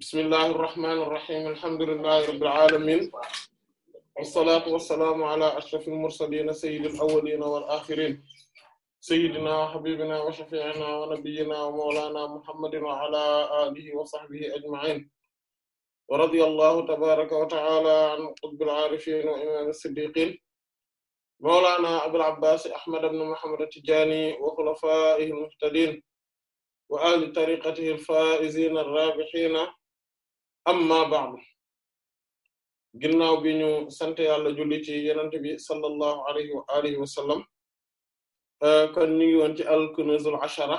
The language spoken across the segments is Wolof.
bismillahi irrahmani irrahim alhamdulilahi rabbil alamin wassalatu wassalaamu ala ashrafil mursalina sayyidil awwalina wal axirin sayyidina wa habibina wa shafi'ina wa nabiyyina wa mawlana muhammadin wa ala alihi wa sahbihi ajma'in wa radiyallahu tabaraka wa ta'ala an qutbil arifin wa imamis siddiqin mawlana abul abbas ahmad ibn muhammad at-tijani wa khulafa'ihil muhtadin wa ahli tariqatihi al-fa'izina ar-rabihina ama ba'du ginnaaw bi ñu sant yàlla julli ci yenente bi sallallahu alayhi wa alihi wa sallam euh, kon ñu ngi woon ci al kunuzul ashara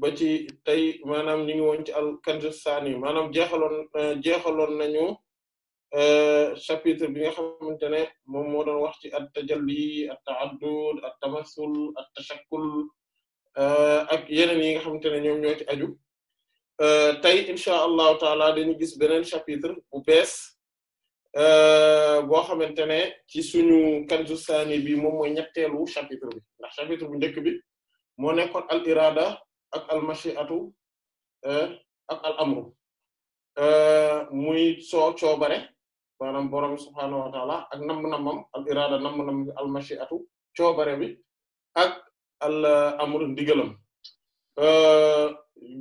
ba ci tey maanaam ñu ngi woon ci al kanzus sani maanaam jeexaloon euh, jeexaloon nañu euh, chapitre bi nga xamante ne moom moo doon wax ci at tajalli at ta'addud at tamassul at tashakkul ak yeneen yi nga xamante ne ñoom ñoo ci aju Euh, tey incha allahu taala dañu gis beneen chapitre bu bees euh, boo xamante ne ci suñu kanzu saani bi moom mooy ñetteelu chapitre bi ndax chapitre bu njëkk bi moo nekkoon al irada ak al mashi'atu euh, ak al amru muy soo coobare maanaam borom subhaanahu wa taala ak namm-nammam al irada namm-namm bi al mashi'atu coobare bi ak al amru ndigalam.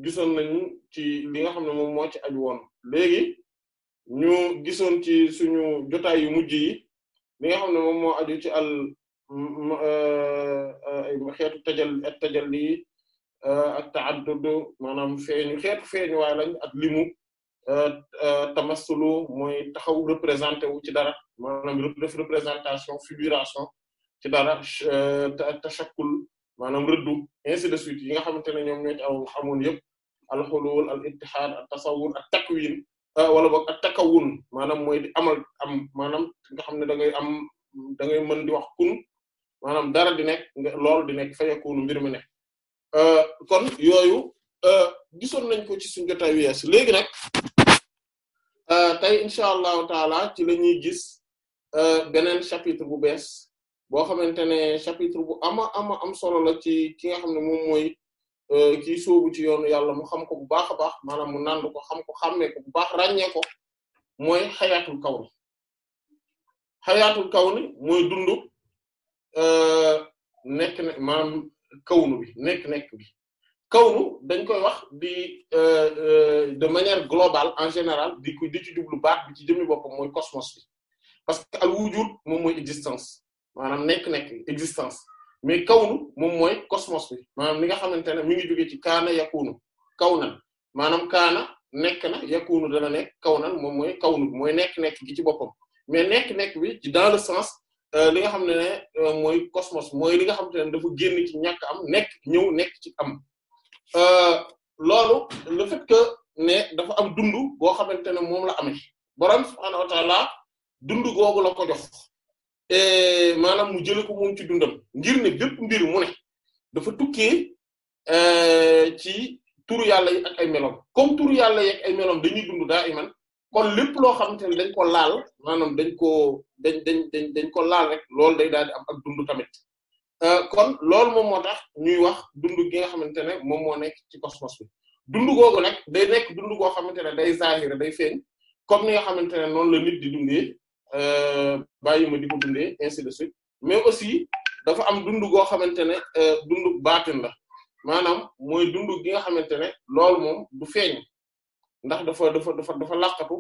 gisoon nañu ci hmm. li nga xam ne moom moo ci aju woon léegi ñu gisoon ci suñu jotaay yu mujj yi li nga xam ne moom moo aju ci al mm, mm, euh, euh, xeetu tajal ak tajalli euh, ak ta'addud maanaam feeñu xeetu feeñu waaye lañ ak limu tamassulu mooy taxaw représenté wu ci dara maanaam def représentation figuration ci dara tashakkul maanaam rëddu ainsi de suite yi nga xamante ne ñoom ñoo ci aw xamoon yëpp alxulul al ittihad at tasawwur at takwin ah, wala boog at takawun maanaam mooy di amal am maanaam nga xam ne da ngay am da ngay mën di wax kun maanaam dara di nekk lool di nekk fayakunu mbir mi nekk ah, kon yooyu ah, gisoon nañ ko ci suñu jotaay wees léegi nag tey incha allahu taala ci la ñuy gis beneen chapitre bu bees boo xamante ne chapitre bu ama ama am solo la ci ki nga xam ne moom mooy euh, kii sóobu ci yoonu yàlla mu xam ko bu baax a baax maanaam mu nandu ko xam ko xàmmee ko bu baax ràññee ko mooy xayaatul kawni kaw ni mooy dundu euh, nekk ne maanaam kawnu bi nekk nekk bi kawnu dañ koy wax di euh, de manière globale en général bi ko di ci jublu baax bi ci jëmmi boppam mooy cosmos bi parce que al wujud moom mooy existence maanaam nekk-nekk existence mais kawnu moom mooy cosmos bi maanaam li nga xamante ne mi ngi jóge ci kaana yakunu kawnan maanaam kaana nekk na yakunu dana nekk kawnan moom mooy kaw kawnu mooy nekk-nekk gi ci boppam mais nekk-nekk bi ci dans le sens euh, li nga xam ne ne euh, mooy cosmos mooy li nga xamante ne dafa génn ci ñàkk am nekk ñëw nekk ci am euh, loolu le fait que ne dafa am dund boo xamante ne moom la amee borom subhaanahu wa ta'ala dund googu la ko jox Eh, maanaam mu jële ko moom ci dundam ngir ne bépp mbir mu ne dafa tukkee eh, ci turu yàlla yi ak ay melom comme tour yàlla yi ak ay melom dañuy dund daa iman kon lépp loo xamante ne dañ ko laal maanaam dañ ko dañ dañ dañ dañ ko laal rek loolu day daal di am ak dund tamit eh, kon loolu moom moo tax ñuy wax dund ki nga xamante ne moom moo nekk ci cosmos bi dund googu nag day nekk dund goo xamante ne day zahir day feeñ comme ni nga xamante ne noonu la nit di dundee Euh, bàyyi ma di ko dundee ainsi mais aussi dafa am dund goo xamante ne euh, dund baatin la maanaam mooy dund gi nga xamante ne loolu moom du feeñ ndax dafa dafa dafa dafa laqatu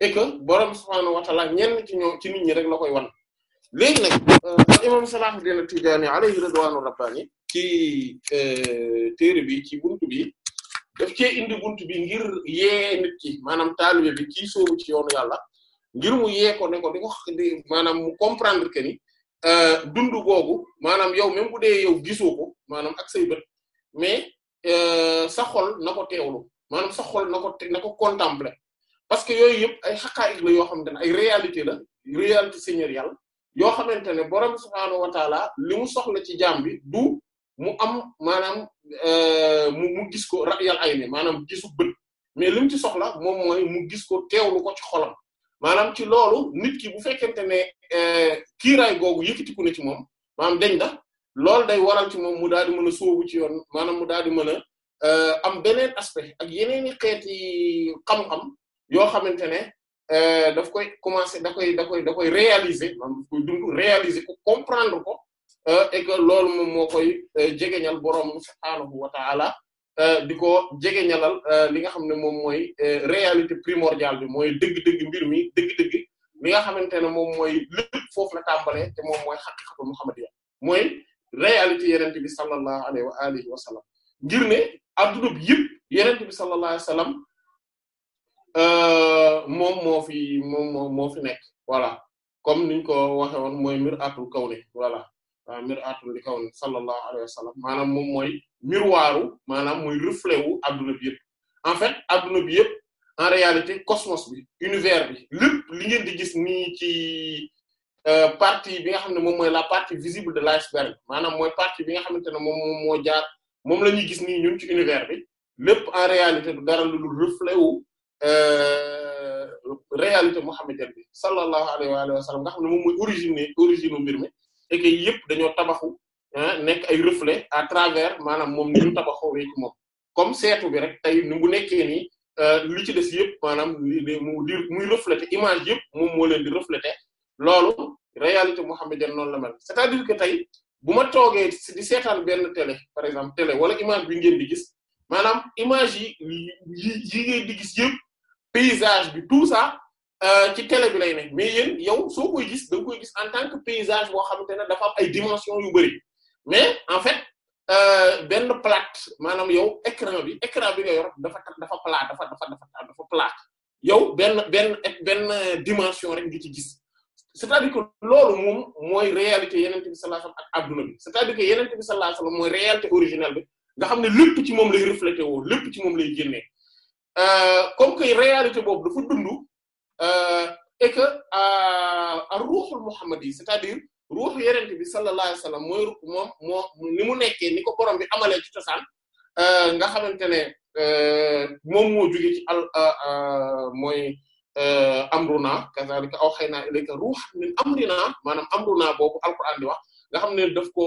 et que borom subhaanahu wa ta'ala ñenn ci ñoom ci nit ñi rek la koy wan. léegi nag euh, imam Salahuddin Tijaani alayhi ridwaanu rabbaani ci téere bi ci buntu bi def cee indi buntu bi ngir yee nit ki maanaam taalibe bi kii sóobu ci yoonu yàlla. ngir mu yee ko ne ko di ko maanaam comprendre que ni euh, dund googu maanaam yow même bu dee yow gisoo ko maanaam ak say bët mais euh, sa xol na ko teewlu maanaam sa xol na ko na ko contempler parce que yooyu yëpp ay xaqaayik la yoo xamante ne ay réalité la réalité seigneuriale yoo xamante ne borom subhaanahu wa taala li mu soxla ci jaam bi du mu am maanaam euh, mu mu gis ko ra'yal ayni maanaam gisu bët mais li mu ci soxla moom mooy mu gis ko teewlu ko ci xolam maanaam ci loolu nit ki bu fekkente ne eh, kiiraay googu yëkkatiku na ci moom maanaam dañ da loolu day waral ci moom mu daal di mën a sóobu ci yoon maanaam mu daal di mën a eh, am beneen aspect ak yeneeni xeeti xam-xam yoo xamante ne eh, daf koy commencer da koy da koy da koy réaliser maanaam daf réaliser ko comprendre ko et que loolu moom moo koy jegeñal borom subhaanahu wa ta'ala Euh, di ko jege ñalal euh, li nga xam ne moom mooy euh, réalité primordiale bi mooy dëgg-dëgg mbir mi dëgg-dëgg li nga xamante ne moom mooy lépp foofu la tàmbalee te moom mooy xaqiqatu muhammadiyya mooy réalité yenente bi sallallahu alayhi wa alihi wa sallam ngir ne adduna bi yëpp yenente bi sallallahu alayhi wa sallam moom moo fi moom moo moo fi nekk voilà comme niñ ko waxe woon mooy mir'atul kawni voilà mir'atul li kawni maanaam moom miroiru maanaam muy reflet wu adduna bi yëpp en fait adduna bi yëpp en réalité cosmos bi univers bi lépp li ngeen di gis nii ci euh, partie bi nga xam ne moom mooy la partie visible de la l'iceberg maanaam mooy parti bi nga xamante ne moom moom moo jaar moom la ñuy gis nii ñun ci univers bi lépp en réalité du dara lu dul reflet wu euh, réalité mohammédienne bi sallallahu alayhi wa sallam nga xam ne moom mooy origine origine mbir mi et que yëpp dañoo tabaxu nekk ay reflet à travers maanaam moom ni ñu tabaxoo wéy moom comme seetu bi rek tey ni bu nekkee nii euh, li ci des yëpp maanaam mu di muy refléter image yëpp moom moo leen di refléter loolu réalité mohammedienne noonu la mel c'est-à-dire que tey bu ma toogee di seetaan benn télé par exemple télé wala image bi ngeen di gis maanaam image yi yi yi ngeen di gis paysage bi tout ça euh, ci télé bi lay ne mais yéen yow soo koy gis da nga koy gis en tant que paysage boo xamante ne dafa am ay dimension yu bari mais en fait euh, benn plate maanaam yow écran bi écran bi nga yor dafa dafa plat dafa dafa dafa dafa plat yow benn benn benn dimension rek ngi ci gis c'est-à-dire que loolu moom mooy réalité yenente bi sallallahu alayhi wasallam ak adduna bi c'est-à-dire que yenente bi sallallahu alayhi mooy réalité originelle bi nga xam ne lépp ci moom lay reflété woo lépp ci moom lay génnee euh, comme que réalité boobu dafa dund euh, et que ar ruuxul muhammadi c'est-à-dire ruuxu yenente bi sallallahu alayhi wasallam mooy ru moom moo ni mu nekkee ni ko borom bi amalee ci cosaan euh, nga xamante ne euh, moom moo jóge ci al euh, mooy amruna kazalika awhayna ilayka ruuhan min amrina maanaam amruna boobu alquran di wax nga xam ne daf ko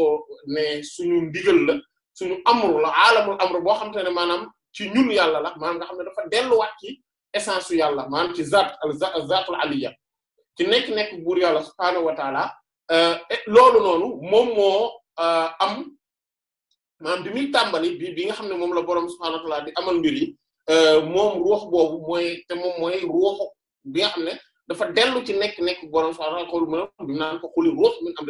ne suñu ndigal la suñu amru la aalamul amru boo xamante ne maanaam ci ñun yàlla la maanaam nga xam ne dafa delluwaat ci essence su yàlla maanaam ci zaat al zaatul aliya ci nekk-nekk buur yàlla subhaanahu wa Euh, loolu noonu moom moo euh, am maanaam bi mi tàmbali bi bi nga xam ne moom la borom subhaanahu wa ta'aala di amal mbir euh, moom ruux boobu mooy te moom mooy ruuxu bi nga xam ne dafa dellu ci nekk nekk boroom subhaanahu wa ta'aala mën bi naan ko xuli ruux min xam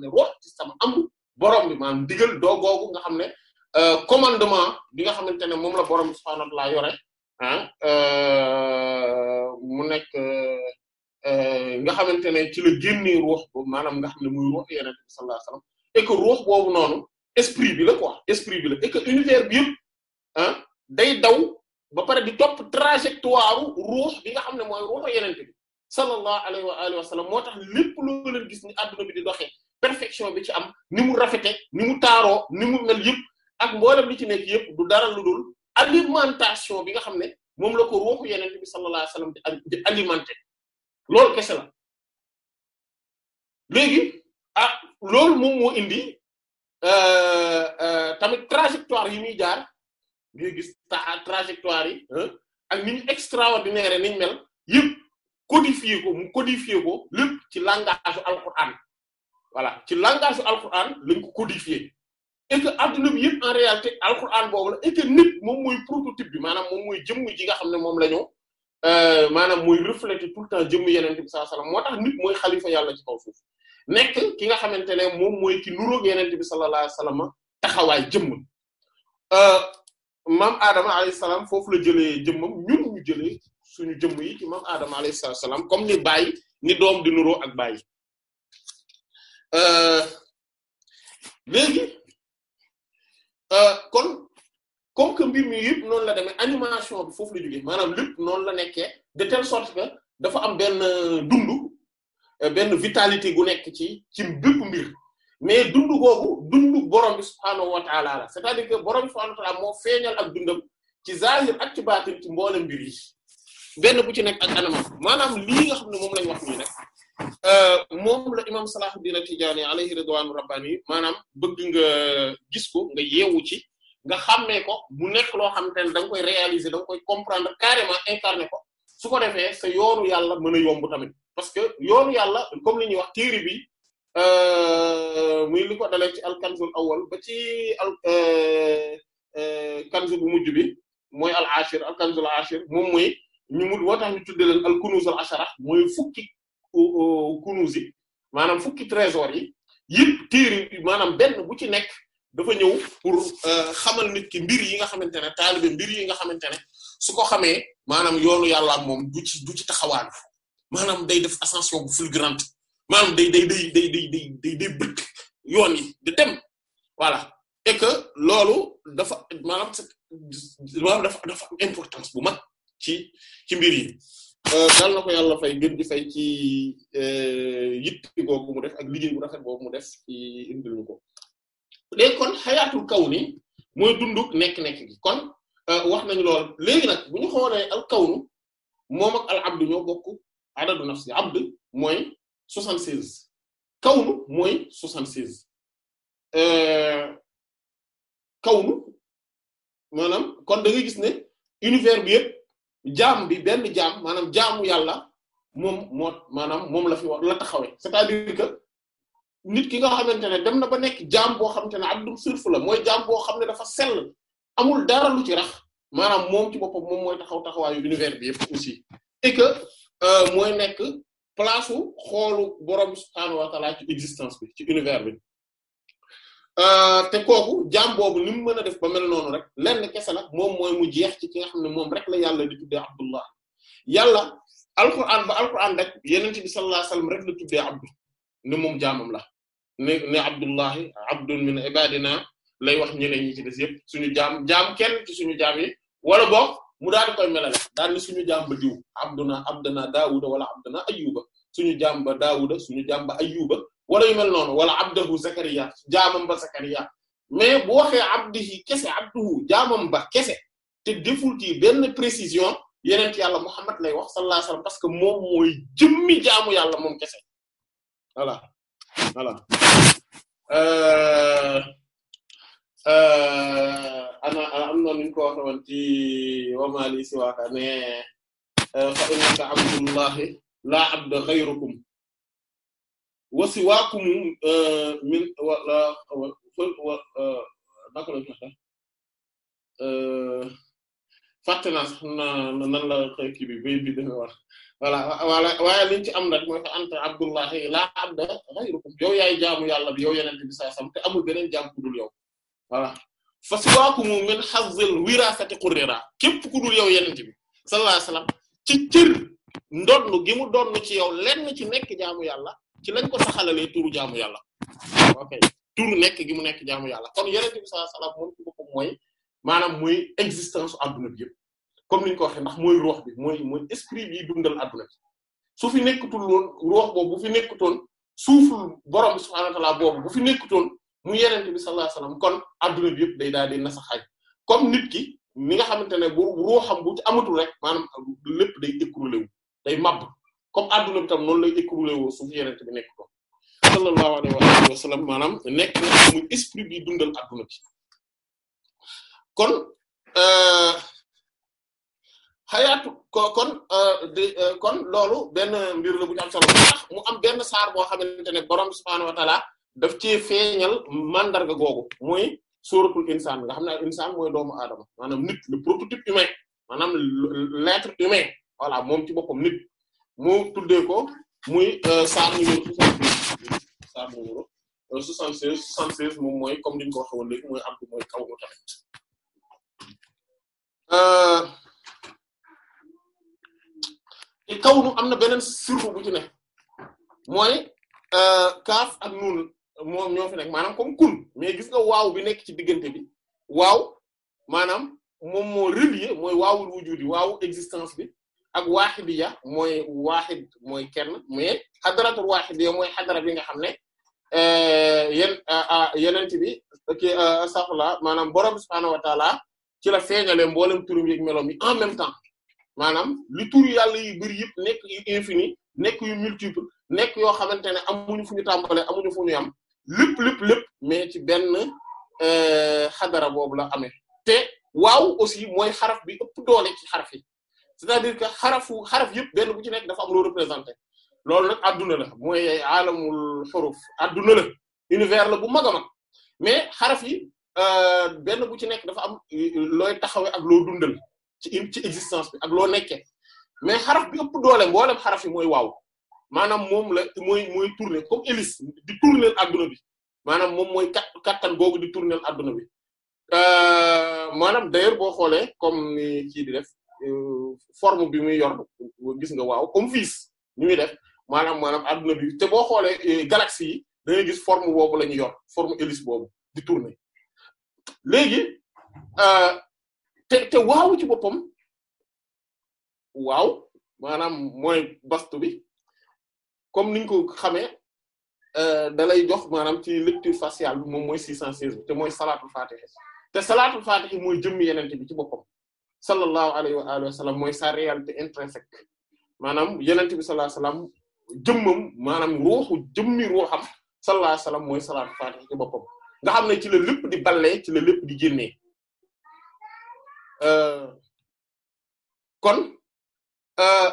ne ruux ci sama amru boroom bi maanaam digal doogoogu xam ne commandement bi nga xamante ne moom la boroom subhaanahu wa yore ah mu nekk Euh, nga xamante ne ci la génnee ruux boobu maanaam nga xam ne muy ruux yeneen bi sallallahu alayhi wasallam et ruux boobu noonu esprit bi la quoi esprit bi la et que univers bi yëpp ah, day daw ba pare di topp trajectoire ruux bi nga xam ne mooy ruuxu yeneen bi sallallahu alayhi wa alihi wa sallam moo tax lépp loo gis ni adduna bi di doxee perfection bi ci am ni mu rafete ni mu taaroo ni mu mel yëpp ak mboolem li ci nekk yëpp du dara lu dul alimentation bi nga xam ne moom la ko ruuxu yeneen bi sallallahu alayhi wa sallam di alimenté loolu kese la léegi ah loolu moom indi euh, euh, tamit trajectoire yi muy jaar ngay gis trajectoire yi ak ni ñu extraordinaire ni ñu mel yëpp codifié ko mu codifié ko lépp ci langage u alquran voilà ci langage u alquran lañ ko codifié et que adduna bi yëpp en réalité alquran boobu la et que nit moom mooy prototype bi maanaam moom mooy jëmm ji nga xam ne moom la ñu Euh, maanaam mooy refléter tout le temps jëmm yeneen bi sallallahu alayhi wasallam tax nit mooy xalifa yàlla ci kaw suuf nekk ki nga xamante ne moom mooy ki nuróog yeneen bi sallallahu alayhi wasallam taxawaay jëmm euh, maam Adama alayhi salaam foofu la jëlee jëmmam ñun ñu jëlee suñu jëmm yi ci maam Adama alayhi salaam comme ni bàyyi ni doom di nuroo ak bàyyi euh, léegi kon comme que mbir mi yëpp noonu la demee animation bi foofu la jógee maanaam lépp noonu la nekkee de telle sorte que dafa am benn euh, dund euh, benn vitalité gu nekk ci ci bépp mbir mais dund googu dund borom bi subhaanahu wa taala la c'est-à-dire que borom bi subhaanahu moo feeñal ak dundam ci zahir ak ci baatin ci mboole mbir benn bu ci nekk ak anamam maanaam lii nga xam ne moom lañ wax nii nag euh, moom la imam Salahuddin Tijaani alayhi ridwaanu rabbaani maanaam bëgg nga gis ko nga yeewu ci nga xàmmee ko mu nekk loo xamante ne da koy réaliser da koy comprendre carrément incarner ko su ko defee se yoonu yàlla mën a yomb tamit parce que yoonu yàlla comme li ñuy wax téere bi euh, muy li ko dalee ci alkanzul awwal ba ci al euh, euh, kanzu bu mujj bi mooy al ashir alkanzul ashir moom mooy ñu mu woo tax ñu leen al kunuz al ashara mooy fukki kunuz yi maanaam fukki trésor yi yëpp bu ci nekk. dafa ñëw pour euh, xamal nit ki mbir yi nga xamante ne taalibe mbir yi nga xamante ne su ko xamee maanaam yoonu yàlla moom du ci du ci taxawaan maanaam day def ascension bu fulgurante maanaam day day day day day day day day yi di dem voilà et que loolu dafa maanaam maanaam dafa dafa am importance bu mag ci ci mbir yi dal euh, na ko yàlla fay gën di fay ci euh, yitti googu mu def ak liggéey bu rafet boobu mu def ci indil ko léegi kon xayaatul kaw ni mooy dunduk nekk-nekk kon euh, wax nañu lool léegi nag bu ñu xoolee al kawnu moom ak al abdu ñoo bokk adadu nafsi abd mooy 76 kawnu mooy 76 euh, kawnu maanaam kon da nga gis ne univers bi yëpp jaam bi benn jaam maanaam jaamu yàlla moom moo maanaam moom la fi wax la taxawee c'est-à-dire que nit ki nga xamante ne dem na ba nekk jaam boo xamante ne abdum sirf la mooy jaam boo xam ne dafa sell amul dara lu ci rax maanaam moom ci boppam moom mooy taxaw taxawaayu univers bi yëpp aussi et que euh, mooy nekk place xoolu borom subhaanahu wa ta'ala ci existence bi ci univers bi euh, te kooku jaam boobu ni mu mën a def ba mel noonu rek lenn kese la moom mooy mu jeex ci ki nga xam ne moom rek la yàlla di tuddee abdullah yàlla alquran ba alquran rek yeneen bi sallallahu alayhi wasallam rek la tuddee abdu ne moom jaamam la ne ne abdullahi abdun min ibadina lay wax ñeneen ñi ci des yëpp suñu jaam jaam kenn ci suñu jaam yi wala bo mu daal di koy melale daal ni suñu jaam ba diw abduna abdana daawuda wala abdana ayuba suñu jaam ba daawuda suñu jaam ba ayuba wala yu mel noonu wala abdahu zakariya jaamam ba zakariya mais bu waxee abdihi kese abduhu jaamam ba kese te deful ci benn précision yeneen yàlla muhammad lay wax sallallahu alayhi wasallam parce que moom mooy jëmmi jaamu yàlla moom kese voilà euh, euh, ana am na nuñ ko waxoon ci wamali si waaka ne euh, fa innaka abdullahi la abda ghayrukum wa siwaakum min wala naka lañ ko waxee fàtte naa sax na nan la kii bi bay bi dafa wax voilà voilà waaye liñ ci am nag mooy fa anta abdullahi laa abda ghayrukum yow yaay jaamu yàlla bi yow yeneen bi saa sam te amul beneen jaam ku dul yow voilà fa siwaakumu min hazzil wirasati qurrira képp ku dul yow yeneen bi sallallahu alayhi wasallam ci cër ndonn gi mu donn ci yow lenn ci nekk jaamu yàlla ci lañ ko saxalalee turu jaamu yàlla ok turu nekk gi mu nekk jaamu yàlla kon yeneen bi sallallahu alayhi moom ci boppam mooy maanaam muy existence adduna bi comme niñ ko waxee ndax mooy ruux bi mooy mooy esprit bi dundal adduna bi su fi nekkatul woon ruux boobu bu fi nekkutoon suuful borom subhaanahu wa ta'aala boobu bu fi nekkutoon mu yenente bi sallallahu alayhi wasallam kon adduna bi yëpp day daal di nasaxaay comme nit ki ni nga xamante ne bu ruuxam bu ci amatul rek maanaam lépp day écroulé wu day màbb comme adduna bi tam noonu lay écroulé woo su fi yenente bi nekkutoon sallallahu alayhi wa sallam maanaam nekk na muy esprit bi dundal adduna bi kon euh xayaatu ko kon euh, di euh, kon loolu benn mbir la bu ñu am solo ndax mu am benn saar boo xamante ne borom subhaanahu wa taala daf ci feeñal mandarga googu muy suuratul insaan nga xam ne insaan mooy doomu aadama maanaam nit le prototype humain maanaam l'être humain voilà moom ci boppam nit mu tuddee ko muy euh, saar numéro 76 saar numéro 76 76 moom mooy comme ni ñu ko waxee woon léegi mooy abdu mooy kaw kaw nu am na beneen surtout bu ci ne mooy euh, kaaf ak nuun moom ñoo fi nekk maanaam comme kun mais gis nga waaw bi nekk ci diggante bi waaw maanaam moom moo relier mooy waawul wujudi waawu existence bi ak waaxidiya mooy waaxid mooy kenn mais xadaratul waaxidiya mooy xadara bi nga xam ne euh, yen yenent bi ki euh, safla maanaam borom subhaanahu wa taala ci la feeñale mboolem turum yeeg meloom yi en même temps maanaam lu tur yàlla yu bëri yëpp nekk yu infini nekk yu multiple nekk yoo xamante ne amuñu fu ñu tàmbalee amuñu fu ñu am lépp lépp lépp mais ci benn euh, xadara boobu la amee te waaw aussi mooy xaraf bi ëpp doole ci xaraf yi c'est-à-dire que xarafu xaraf yëpp benn bu ci nekk dafa am loo représenté loolu nag adduna la mooy alamul xuruf adduna la univers la bu mag mag mais xaraf yi euh, benn bu ci nekk dafa am looy taxawee ak loo dundal ci ci existence bi ak loo nekkee mais xaraf bi ëpp doole mboolem xaraf yi mooy waaw maanaam moom la mooy mooy tourner comme hélice di tourner adduna bi maanaam moom mooy kat kattan googu di tourner adduna bi euh, maanaam d'ailleurs boo xoolee comme ni kii di def euh, forme bi muy yor gis nga waaw comme vis ni muy def maanaam maanaam adduna bi te boo xoolee euh, galaxie yi da gis forme boobu la ñu yor forme hélice boobu di tourner léegi te te waaw ci boppam waaw maanaam mooy bastu bi comme niñ ko xamee euh, da lay jox maanaam ci lecture faciale bi moom mooy 616 bi te mooy salaatul fatihi te salaatul fatihi mooy jëmmi yenente bi ci boppam sallallahu alayhi wa alihi mooy sa réalité intrinsèque maanaam yenente bi sallallahu alayhi wa sallam jëmmam maanaam ruuxu jëmmi ruuxam sallallahu alayhi wa sallam mooy salaatul fatihi ci boppam nga xam ne ci la di ballee ci la lépp di génnee Euh, kon euh,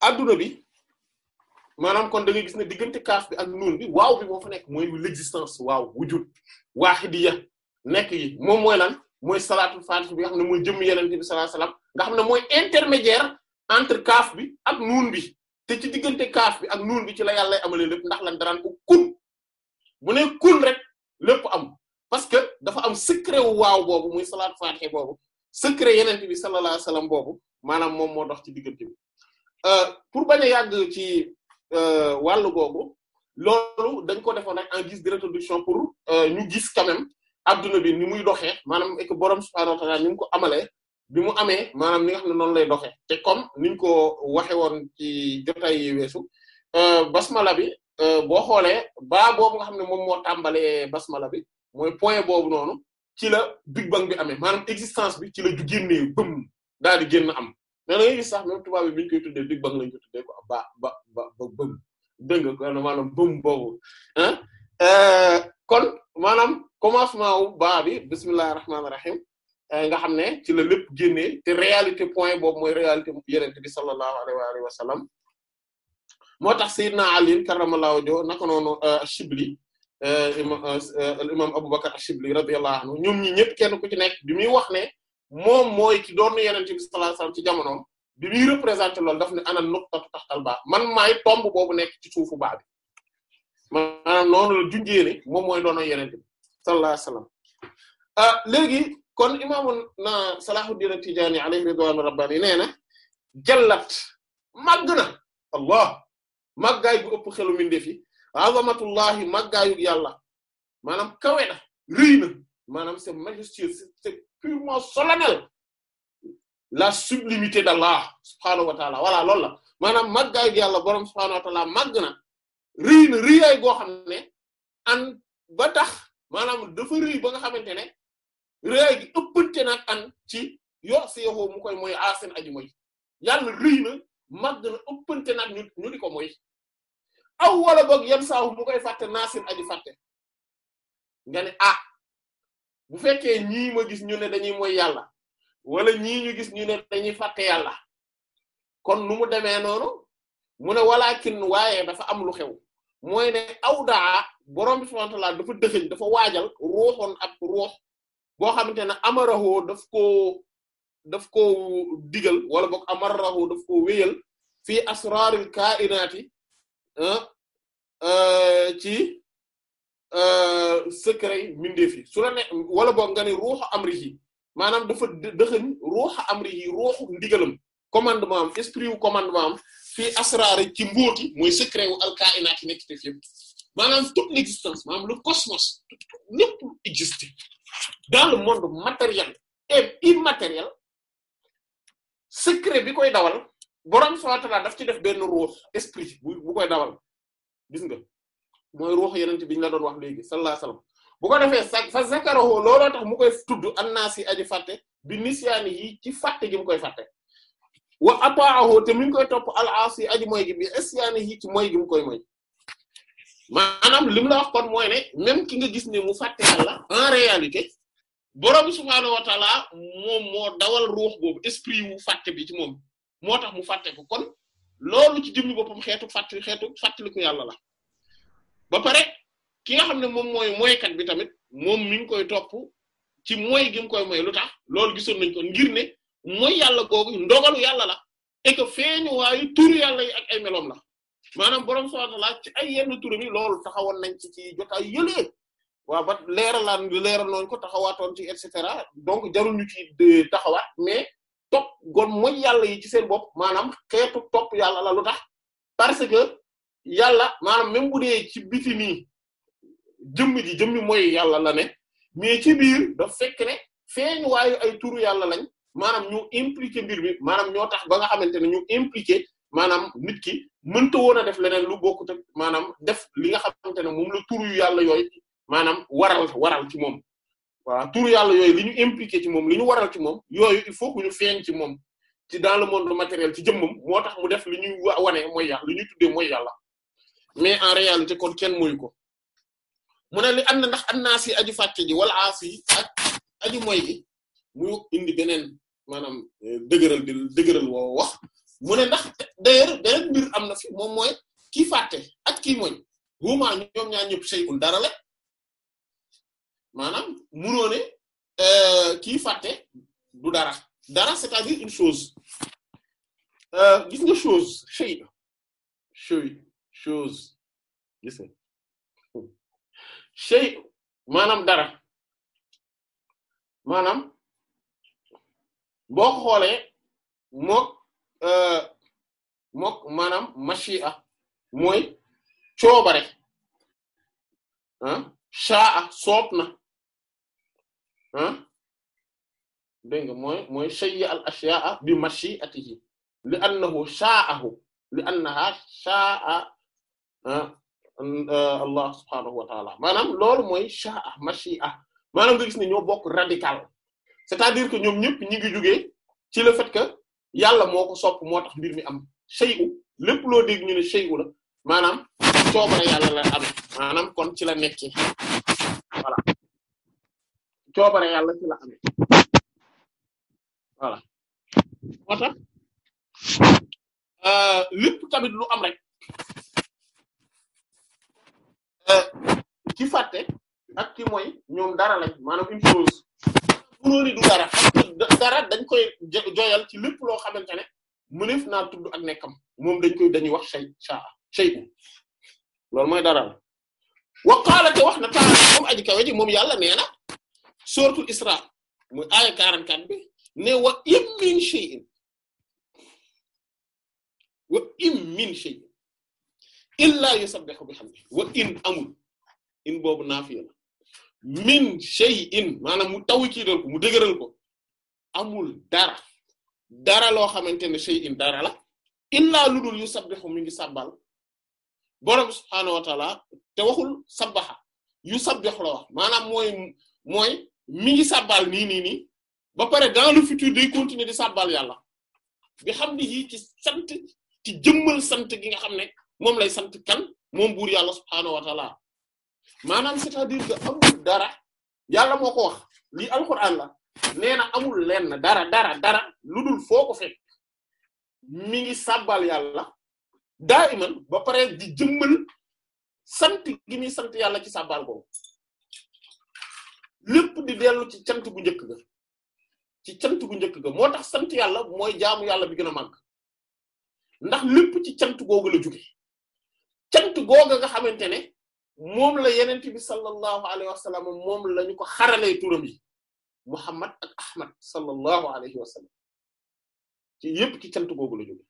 adduna bi maanaam kon da ngay gis ne diggante kaaf bi ak nuun bi waaw bi moo fa nekk mooy l'existence waaw wujud waaxidiya nekk yi moom mooy lan mooy salaatul fatih bi nga xam ne jëmm yeneen bi sallallahu alayhi wasallam nga xam mooy intermédiaire entre kaaf bi ak nuun bi te ci diggante kaaf bi ak nuun bi ci la yàlla amalee lépp ndax lan daraan ko kun bu ne kun rek lépp am parce que dafa am secret wu waaw boobu muy salaatul fatih boobu secret yeneen bi sallallahu alayhi wasallam boobu maanaam moom moo dox ci diggante bi euh, pour bañ a yàgg ci euh, wàllu googu loolu dañ ko defoon rek en guise de introduction pour euh, ñu gis quand adduna bi ni muy doxee maanaam ek borom subhaanahu wa ko amalee bi mu amee maanaam ni nga xam ne noonu lay doxe te comme niñ ko waxe woon ci jotaay yi weesu basmala bi boo xoolee ba boobu nga xam ne moom moo tàmbalee basmala bi mooy point boobu noonu ci la big bang bi amee maanaam existence bi ci la ju génnee bëm daal di génn am mais da ngay gis sax même tubaab bi ñu koy tuddee big bang lañ ko tuddee ko ba ba ba ba bëm dégg nga kon maanaam bëm boobu ah kon maanaam commencement wu baa bi bismillahir rahmanir rahim euh, nga xam ne ci la lépp génnee te réalité point boobu mooy réalité yenente bi sallallahu alayhi wa sallam moo tax sayyidna Ali karramallahu wajhahu naka noonu euh, Shibli Euh, euh, al imam Abubakar Ash-Shibli radiyallahu anhu ñoom ñi ñëpp kenn ku ci nekk bi muy wax ne moom mooy ki doon yonent bi sallallahu alayhi wasallam ci jamonoom bi muy représenté loolu daf ne ana nuqtatu taxtal baa man maay tomb boobu nekk ci suufu baa bi maanaam noonu la junjee ne moom mooy doon yonent bi sallallahu alayhi wasallam ah léegi kon imaamu na Salahuddin At-Tidjânî alayhi ridwanu rabbani nee na jallat màgg na allah màggaay bu ëpp xelu mindeef yi azamatullahi màggaayug yàlla maanaam kawe na rëy na maanaam c'est majestueux c'est purement solennel la sublimité d'Allah subhaanahu wa taala voilà loolu la maanaam màggaayug yàlla boroom subhaanahu wa taala màgg na rëy goo xam ne an ba tax maanaam dafa rëy ba nga xamante ne rëyaay gi ëppante nag ci yo si yoxoo mu koy mooy asen aji mooy yàlla rëy na màgg na ñu ñu di ko aw wala boog yan saaw mu koy fàtte naasir aji fàtte nga ne ah bu fekkee ñii ma gis ñu ne dañuy moy yàlla wala ñiiñu gis ñu ne dañuy fàtte yàlla kon nu mu demee noonu mu ne walakin waaye dafa am lu xew mooy ne aw daa borom bi subhanahu wa ta'ala dafa dëxëñ dafa waajal ruuxoon ab ruux boo xamante ne amarahoo daf koo daf ko digal wala boog amarahoo daf koo wéyal fii asraril kainaati Euh, euh, ci euh, secret mbindeef yi su la ne wala boo nga ne ruuxu amrihi maanaam dafa dëxëñ ruuxu amrihi ruuxu ndigalam commandement am esprit wu commandement am fi asraar ci mbóoti mooy secret wu alkainaat yi nekk te fi maanaam toute l'existence maanaam le cosmos lépp lu existé le monde matériel et immatériel secret bi koy dawal. borom subhanahu wa daf ci def benn ruux esprit bu bu koy dawal gis nga mooy ruux yeneen bi ñu la doon wax léegi sallallahu alayhi wasallam bu ko defee sa fa zakarahu looloo tax mu koy tudd annaas yi aju fàtte bi nisyaani yi ci fàtte gi mu koy fàtte wa ata'ahu te mi ngi koy topp al-aasi yi aji mooy gi mooy gi mu koy mooy maanaam li mu la wax kon mooy ne même ki nga gis ne mu fàtte yàlla en réalité borom subhanahu wa ta'ala moom moo dawal ruux boobu esprit wu fàtte bi ci moom moo tax mu fàtte ko kon loolu ci jëmmi boppam xeetu fàttali xeetu fàttaliku yàlla la ba pare ki nga xam ne moom mooy moykat bi tamit moom mi ngi koy topp ci moy gi mu koy moy lu tax loolu gisoon nañ ko ngir ne mooy yàlla googu ndogalu yàlla la et que feeñu waayu turu yàlla yi ak ay meloom la maanaam borom subhaanahu wa ta'aala ci ay yenn turu loolu taxawoon nañ ci ci jotaay yële waaw ba leeralaan leeral nañ ko taxawaatoon ci et cetera donc jarul ñu ci taxawaat mais topp gon mooy yàlla yi ci seen bopp maanaam xeetu topp yàlla la lu tax parce que yàlla maanaam même bu dee ci biti nii jëmm ji jëmmi mooy yàlla la ne mais ci biir daf fekk ne feeñ waayu ay turu yàlla lañ maanaam ñu impliqué mbir bi maanaam ñoo tax ba nga xamante ne ñu impliqué maanaam nit ki mënta woon a def leneen lu bokkut ak maanaam def li nga xamante ne moom la turu yàlla yooyu maanaam waral waral ci moom voilà tur yàlla yooyu li ñu impliqué ci moom li ñu waral ci moom yooyu il faut que ñu feeñ ci moom ci dans le monde matériel ci jëmmam moo tax mu def li ñuy wane mooy yàlla li ñuy tuddee mooy yàlla mais en réalité kon kenn moyu ko mu ne li am na ndax am naa si aju fàcce ji wala a yi ak aju moy gi mu indi beneen maanaam euh, dëgëral di dëgëral woo wax mu ne ndax d'ailleurs beneen mbir am na fi moom mooy kii fàtte ak kii moy buumaa ñoom ñaar ñëpp sëy dara la maanaam munoo ne euh, kii fàtte du dara dara c'est-à-dire une chose euh, gis nga chose shay shay chose gis nga dara maanaam boo xoolee mook euh, mook maanaam machia mooy coobare ah shaa a soob na ah dégg mooy mooy shayya al ashya'a bi mashi'atihi li annahu sha'ahu li annaha sha'a euh, Allah subhaanahu wa ta'ala maanaam loolu mooy sha'a mashi'a maanaam nga gis ne ñoo bokk radical cest à ñoom ñëpp ñi ngi jógee ci le fait yàlla moo ko sopp moo tax mbir mi am shay'u lépp loo dégg ñu ne shay'u la maanaam coobare yàlla la am maanaam kon ci la nekkee coobare yàlla ci la amee voilà moo tax euh, lépp tamit lu am rek euh, ci fàtte ak ci mooy ñoom dara lañ maanaam une chose mënoon du dara dara dañ koy joyal ci lépp loo xamante ne mëneef naa tudd ak nekkam moom dañ koy dañuy wax shay saa shay loolu mooy dara la wa qaala te wax na taala moom aji kawe ji yàlla nee suratul Isra mooy aaya 44 bi ne wa im min shay'in wa im min shay'in illa yusabbihu bihamdihi wa in amul in boobu naafiya la min shay'in maanaam mu taw ci dal ko mu dëgëral ko amul dara dara loo xamante ne shay'in dara la illaa lu dul yusabbihu mi ngi sabbal borom subhaanahu wa te waxul sabbaha yusabbihu la wax mooy mooy mi ngi sàbbal nii nii ni ba pare dans le futur day continuer di sàbbal yàlla bi xam ni yii ci sant ci jëmmal sant gi nga xam ne moom lay sant kan moom buur yàlla subhaanahu wa taala maanaam c'est-à-dire que amul dara yàlla moo ko wax lii alxuraan la nee na amul lenn dara dara dara lu dul foo ko fekk mi ngi sàbbal yàlla daa iman ba pare di jëmmal sant gi muy sant yàlla ci sabal boobu lépp di dellu ci cant gu njëkk ga ci cant gu njëkk ga moo tax sant yàlla mooy jaamu yàlla bi gën a màgg ndax lépp ci cant googu la jóge cant googa nga xamante ne moom la yenent bi sallallahu alayhi wa sallam moom lañu ko xaralee turam yi Muhammad ak Ahmad sallallahu alayhi wa sallam ci yépp ci cant googu la jóge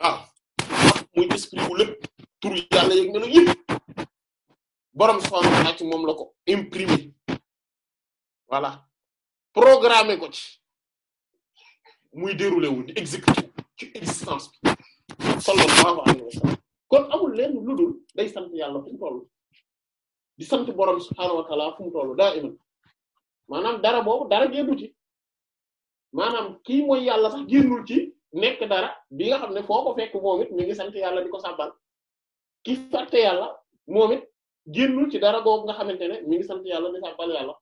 waaw muy esprit bu tur yàlla yeeg melo yépp borom subhaanahu wa moom la ko imprimer voilà programmer ko muy dérouler wu di exécuter ci existence kon amul lenn lu dul day sant yàlla fu mu di sant borom subhaanahu wa ta'aala fu mu toll daa iman maanaam dara boobu dara génnu ci maanaam kii mooy yàlla sax génnul ci nekk dara bi nga xam ne foo ko fekk moom mi ngi sant yàlla di ko sàbbal ki fàtte yàlla moom génnul ci dara googu nga xamante ne mi ngi sant yàlla mi sàbbal yàlla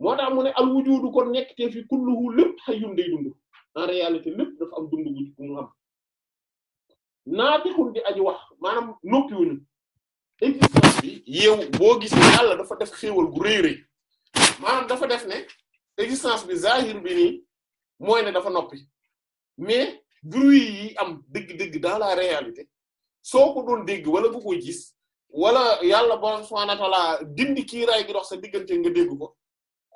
moo tax mu ne al wujudu kon nekk te fi kulluhu lépp hayyun day dund en réalité lépp dafa am dund gu mu am naatixul di aji wax maanaam noppiwuñu existence bi yeewu boo gis yàlla dafa def xéewal gu rëy rëy maanaam dafa def ne existence bi zahir bi nii mooy ne dafa noppi mais bruit yi am dëgg-dëgg dans la réalité soo ko doon dégg wala bu koy gis wala yàlla borom subhaanahu wa ta'aala dindi kiiraay gi dox sa diggante nga dégg ko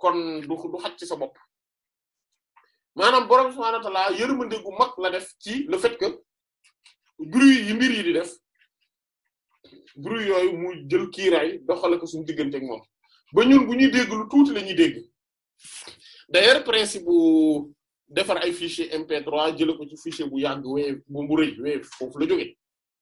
kon du du xaj ci sa bopp maanaam borom subhaanahu wa ta'aala yërmande gu mag la def ci le fait que bruit yi mbir di def bruit yooyu mu jël kiiraay doxale ko suñu diggante ak moom ba ñun bu ñuy dégg lu tuuti la ñuy dégg d'ailleurs principe bu defar ay fichier MP3 jële ko ci fichier bu yàgg wee bu rëy wee foofu la jógee.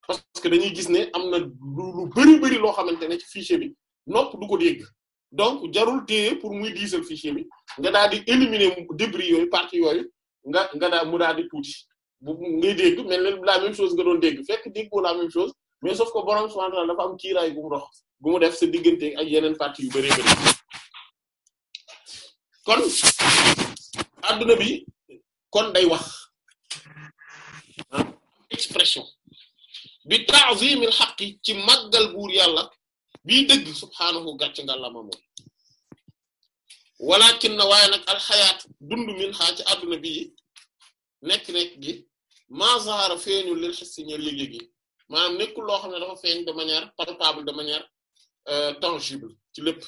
parce que dañuy gis ne am na lu bari bari loo xamante ne ci fichier bi nopp du ko dégg donc jarul téye pour muy diisal fichier bi nga daal di éliminer débris yooyu partie yooyu nga nga daal mu daal di tuuti bu ngay dégg mais la même chose nga doon dégg fekk déggoo la même chose mais sauf que borom subhanahu dafa am kiiraay gu mu dox mu def sa diggante ak yeneen partie yu bari bari kon adduna bi kon day wax expression bi ta'zimil haqqi ci màggal buur yàlla bii dëgg subhaanahu gàcc nga la ma moom walakin na waaye nag alxayaat dund min xaa ci àdduna bii nekk-nekk gi ma zahara feeñu lil hissi ñeel yëg-yëg yi maanaam nekkul loo xam ne dafa feeñ de manière palpable euh, tangible ci lépp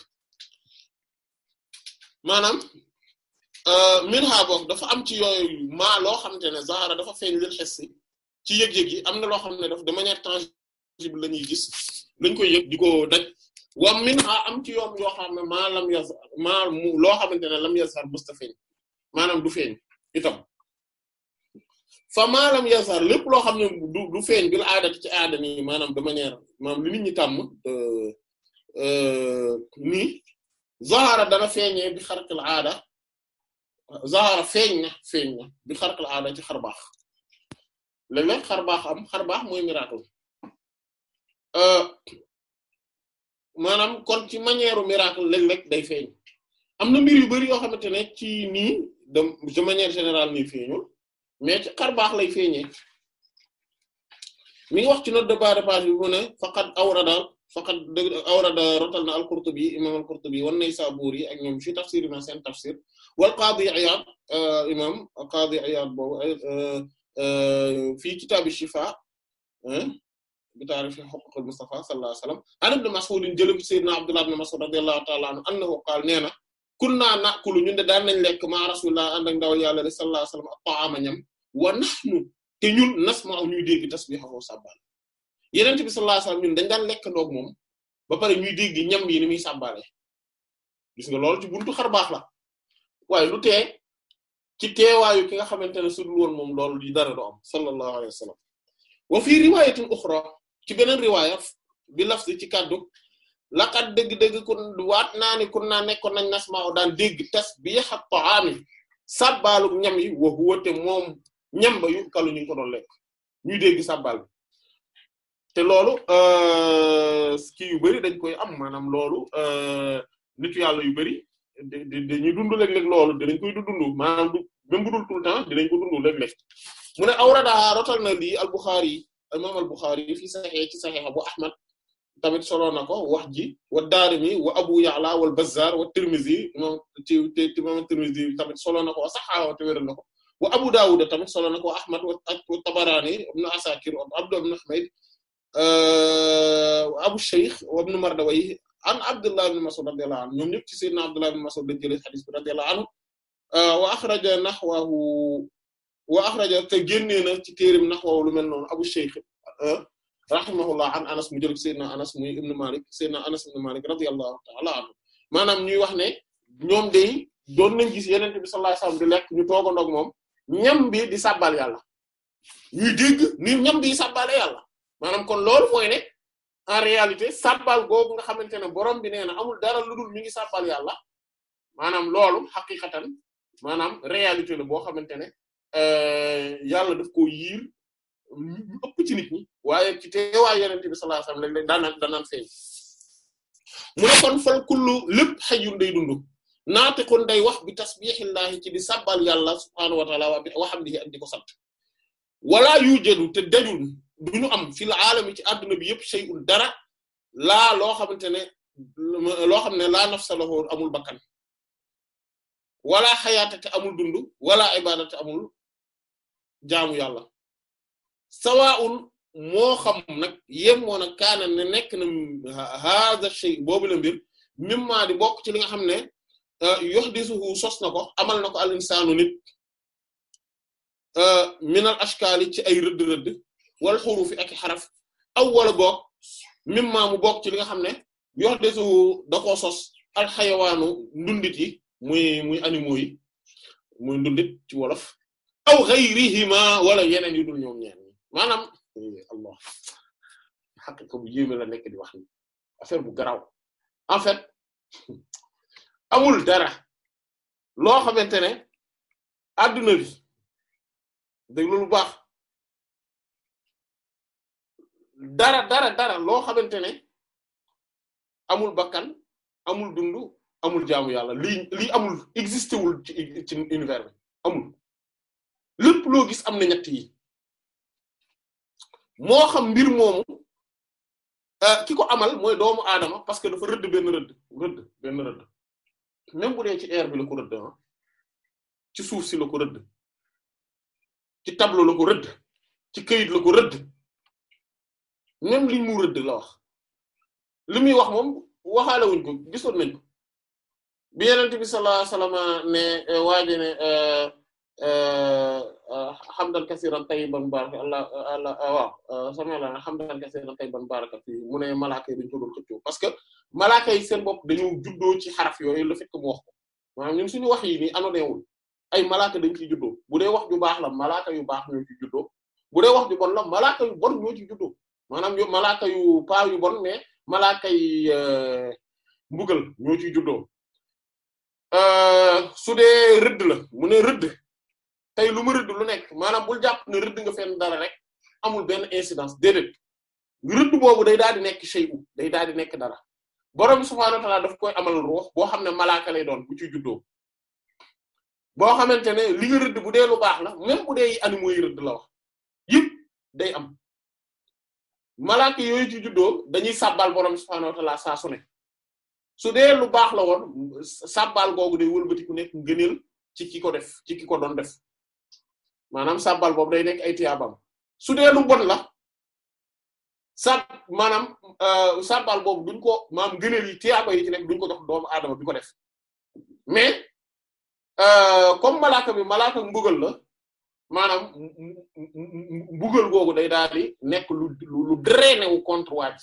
maanaam euh, min xaa dafa am ci yooyu maa loo xamante ne zahara dafa feeñ lil hissi ci yëg yi am na loo xam ne daf de manière tangible la ñuy gis lañ koy yëg di ko daj min a am ci yoom yoo xam ne maa lam loo xamante ne lam yasar musta feeñ maanaam du feeñ itam fa maa lam yasar lépp loo xam ne du du feeñ bil aada ci aada nii maanaam de manière maanaam li nit ñi tàmm euh, euh, nii zahara dana feeñee bi xarqal aada zahara feeñ na feeñ na bi xarqal aada ci xarbaax léeg-léeg xar baax am xar baax mooy miracle euh, kon ci manière miracle léeg lek day feeñ am na mbir yu bari yoo xamante ne ci nii de de général générale nii feeñul ci xar lay feeñee mi ngi wax ci note de bas de page bi mu ne faqad awrada faqad awrada rotal na al-Qurtubi imam al-Qurtubi wan Naysaburi ak ñoom ci tafsir yi ma seen tafsir wal Qadi euh, imam Qadi Iyad boobu. Euh, Euh, fii kitaabu Shifaa bi taarifi huquuqil Mustafa sallallahu alayhi wa sallam an Ibn Mas'ud jël ko Sayyidina Abdullah ibn Mas'ud radiyallahu ta'ala anhu annahu qaala nee na kunnaa na'kulu ñun de daan nañ lekk ma rasulullah ànd ak ndaw yàlla de sallallahu alayhi wa sallam at-ta'aama ñam wa nahnu te ñun nasma'u ñuy dégg tasbiihahu sàbbaal Yonent bi sallallahu alayhi wa sallam ñun dañ daan lekk ndoog moom ba pare ñuy dégg ñam yi ni muy sàbbaale gis nga buntu xar baax la waaye lu tee ci teewaayu ki nga xamante ne su woon moom loolu di dara du am sallallahu alayhi wa sallam wa fii riwaayatin ci beneen riwaaya bi lafzi ci kàddu laqad dëgg-dëgg kun waat naa ni kun naa nekkoon nañ nasma'u daan dégg tasbiha bi sabbaaluk ñam yi wa huwa te moom ñam ba yu kalu ñu ko doon lekk ñuy dégg sabbal bi te loolu ski euh, yu bari dañ koy am maanaam loolu euh, nitu yàlla yu bari dañuy dund léeg-léeg loolu dinañ koy dund maanaam du même bu dul tout le temps dinañ ko dund léeg-léeg mu ne awrada rotal na lii al-Bukhari imaam al-Bukhari fi Sahih ci Sahih Abu Ahmad tamit solo na ko wax ji wa Daarimi wa Abu Ya'la wal Bazzar wa Tirmizi moom ci te imaam Tirmizi tamit solo na ko wa saxaawa te wéral na ko wa Abu Dawud tamit solo na ko wa Ahmad wa Tabarani ibn Asakir wa Abd ibn Humayd euh, wa Abu Shaykh wa ibn Mardawayh an Abdullah ibn Mas'ud radiyallahu anhu ñoom ñëpp ci sayyidina Abdullah ibn Mas'ud lañ jëlee xadis bi radiyallahu anhu euh, wa axraja naxwahu wa axraja te génnee na ci téerim naxwahu lu mel noonu Abu Shaykh euh, rahimahullah an Anas mu jël ci sayyidina Anas muy ibn Malik sayyidina Anas ibn Malik radiyallahu ta'ala anhu maanaam ñuy wax ne ñoom day doon nañ gis Yonent bi sallallahu alayhi wasallam di lekk ñu toogandoo ak moom ñam bi di sàbbal yàlla ñuy dégg ni ñam bi sàbbale yàlla kon loolu mooy en réalité sabbal googu nga xamante ne borom bi nee na amul dara lu dul mi ngi sabbal yàlla maanaam loolu xaqiqatan maanaam réalité la boo xamante ne euh, yàlla daf koo yiir ñu ëpp ci nit ñi waaye ci teewaay yonent bi sallallahu alayhi wasallam lañ da daanaan feeñ mu ne kon fal kulu lépp xajul day dund naatiqun day wax bi tasbihillahi ci di sabbal yàlla subhaanahu wa ta'aala wa bi hamdihi ak di ko sant wala yujadu te dajul du ñu am fil aalami ci adduna bi yëpp shay'un dara laa loo xamante ne loo xam ne la nafsa lahu amul bakkan wala xayaata amul dundu wala ibaada te amul jaamu yàlla sawaa'un moo xam nag yemoo nag kaana ne nekk na haaza shay boobu la mbir mimma di bokk ci li nga xam ne yuhdisuhu sos na ko amal na ko al insaanu nit minal ashkaali ci ay rëdd rëdd. wala xurufi ak xaraf aw wala boog mimma mu bokk ci li nga xam ne yox desu da koo sos alxayawaanu ndundit yi muy muy animaux muy ndundit ci wolof aw xayrihima wala yeneen yu dul ñoom ñaar maanaam eh, allah xaqiqa bu yéeme la nekk di wax ni affaire bu garaw en fait amul dara loo xamante ne adduna bi déglu lu baax dara dara dara loo xamante ne amul bakkan amul dund amul jaamu yàlla lii lii amul existé wul ci ci univers bi amul lépp loo gis am na ñett moo xam mbir moomu euh, ki ko amal mooy doomu aadama parce que dafa rëdd benn rëdd rëdd benn rëdd même bu dee ci air bi la ko rëdd ah ci suuf si la ko rëdd ci tableau la rëdd ci këyit la rëdd même liñ mu rëdd la wax li muy wax moom waxaale wuñ ko gisoon nañ ko bi yenent bi sallallahu alayhi wasallam ne eh, waa ji ne eh, eh, ah, hamdan kasiran tayyiban baraka allah allah ah, waaw ah, sama la hamdan kasiran tayyiban baraka fii mu ne malaaka yi dañu ko doon parce que malaaka yi seen bopp dañu juddoo ci xaraf yooyu le fait que mu wax ko maanaam ñun suñu wax yi nii anoneewul ay malaaka dañ ciy juddoo bu dee wax ju baax la malaaka yu baax ñoo ci juddoo bu de wax ju bon la malaaka yu bon ñoo ci juddoo maanaam yo malaaka yu paa yu bon mais malaaka yi euh, mbugal ñoo ciy juddoo euh, su dee rëdd la mu ne rëdd tey lu mu rëdd lu nekk maanaam bul jàpp ne rëdd nga fenn dara rek amul benn incidence déedéet rëdd boobu day daal di nekk shay'u day daal di nekk dara borom subhaanahu wa naa daf koy amal ruux boo xam ne malaaka lay doon bu ciy juddoo boo xamante ne li rëdd bu dee lu baax la même bu dee animaux yi rëdd la wax yëpp day am malaaka yooyu ci juddoo dañuy sàbbal borom subhaanahu wa la saa su ne su dee lu baax la woon sàbbal googu day wëlbati ku nekk ngëneel ci ki ko def ci ki ko doon def maanaam sàbbal boobu day nekk ay tiyaabam su dee lu bon la sàb maanaam euh, sàbbal boobu duñ ko maanaam ngëneel yi tiyaaba yi ci nekk duñ ko jox doomu aadama bi ko def mais euh, comme malaaka bi malaaka mbugal la maanaam mbugal googu day daal di nekk lu lu drainé wu contre waa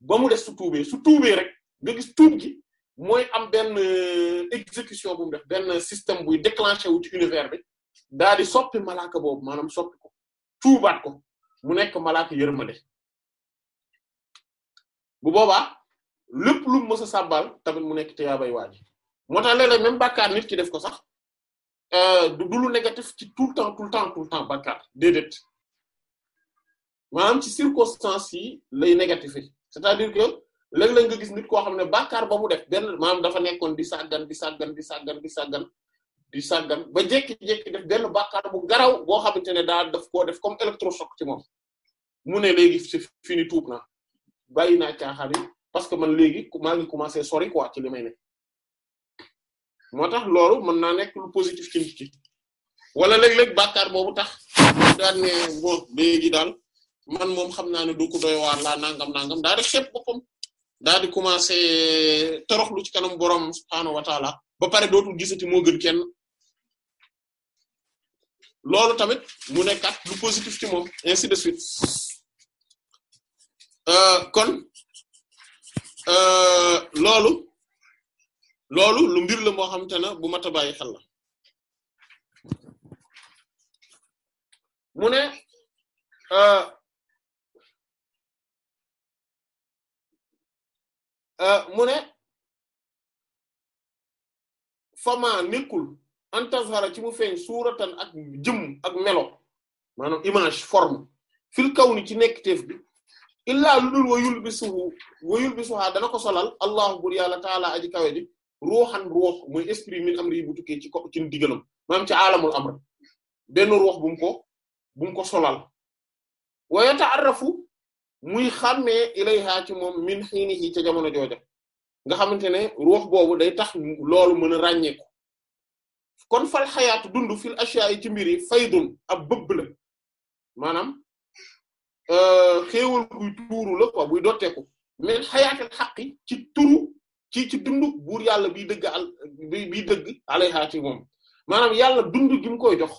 ba mu des su tuubee su tuubee rek nga gis tuub gi mooy am benn euh, exécution bu def benn système buy déclenché wu ci univers bi daal di soppi malaaka boobu maanaam soppi ko tuubaat ko mu nekk malaaka yërmande bu boobaa lépp lu mës a tamit mu nekk tiyaabay waa ji moo tax léeg-léeg même bàkkaar nit ki def ko sax euh, du lu négatif ci tout le temps tout temps tout le temps maanaam ci circonstances yi lay négatif yi c'est-à-dire que léeg-léeg nga gis nit koo xam ne bàkkaar ba mu def benn maanaam dafa nekkoon di sàggan di sàggan di sàggan di sàggan di sàggan ba jëkk jékki def benn bàkkaar bu garaw boo xamante ne daal daf koo def comme électrochoc ci moom mu ne léegi c'est fini tuub na bàyyi naa caaxaan yi parce que man léegi maa ngi commencé sori quoi ci li may moo tax loolu mën naa nekk lu positif ci nit wala léeg-léeg bàkkaar boobu tax daan ne daal man moom xam naa ne du ko doy waar laa nangam nangam daal di xeeb boppam daal di commencé toroxlu ci kanam borom subhaanahu wa ba pare dootul gisati moo gën kenn tamit mu nekkat lu positif ci moom ainsi de suite euh, kon euh, loolu loolu lu mbir la moo xamante ne bu mat bàyyi xel la mu ne. Euh, Euh, mu ne fama nekkul an tazhara ci mu feeñ suuratan ak jëmm ak melo maanaam image forme fil kawni ci nekkteef bi illaa lu dul wayul bisuhu wayul bisuhaa dana ko solal allahu bur yàlla taala aji kawe ji ruuxan ruux mooy esprit min amri bu ci ko ci digalam maanaam ci alamul amr benn ruux bu ko bu ko solal wa yata'arrafu muy xàmmee ilayha ci moom min xiinihi ca jamono jooja nga xamante ne ruux boobu day tax loolu mën a ràññeeku kon fal xayaatu dund fil ashyaa yi ci mbir yi faydun ab bëbb la maanaam euh, xéewal buy tuuru la quoi buy dotteeku mais xayaatal xaqi ci turu ci ci dund buur yàlla biy dëgg al biy dëgg alayha ci moom maanaam yàlla dund gi koy jox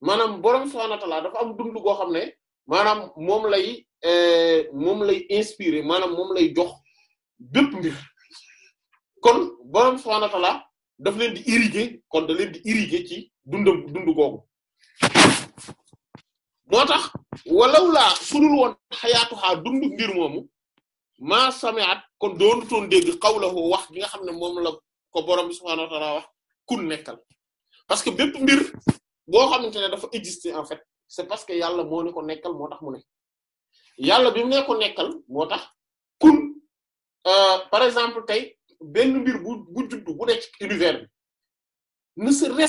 maanaam borom subhaanahu wa dafa am dund goo xam ne. maanaam moom lay euh, moom lay inspiré maanaam moom lay jox bépp mbir kon borom subhaanahu wa ta'aala daf leen di irriguer kon da leen di irriguer ci dundam dund googu moo tax walaw laa sudul woon xa dund mbir moomu maa sami'at kon doonu toon dégg qawlahu wax gi nga xam ne moom la ko borom subhaanahu wa ta'aala wax kun nekkal parce que bépp mbir boo xamante ne dafa exister en fait c'est parce que yàlla moo ne nekkal moo tax mu ne nekkal moo tax kun euh, par exemple tey benn mbir bu bu juddu bu dee ci univers bi ne serait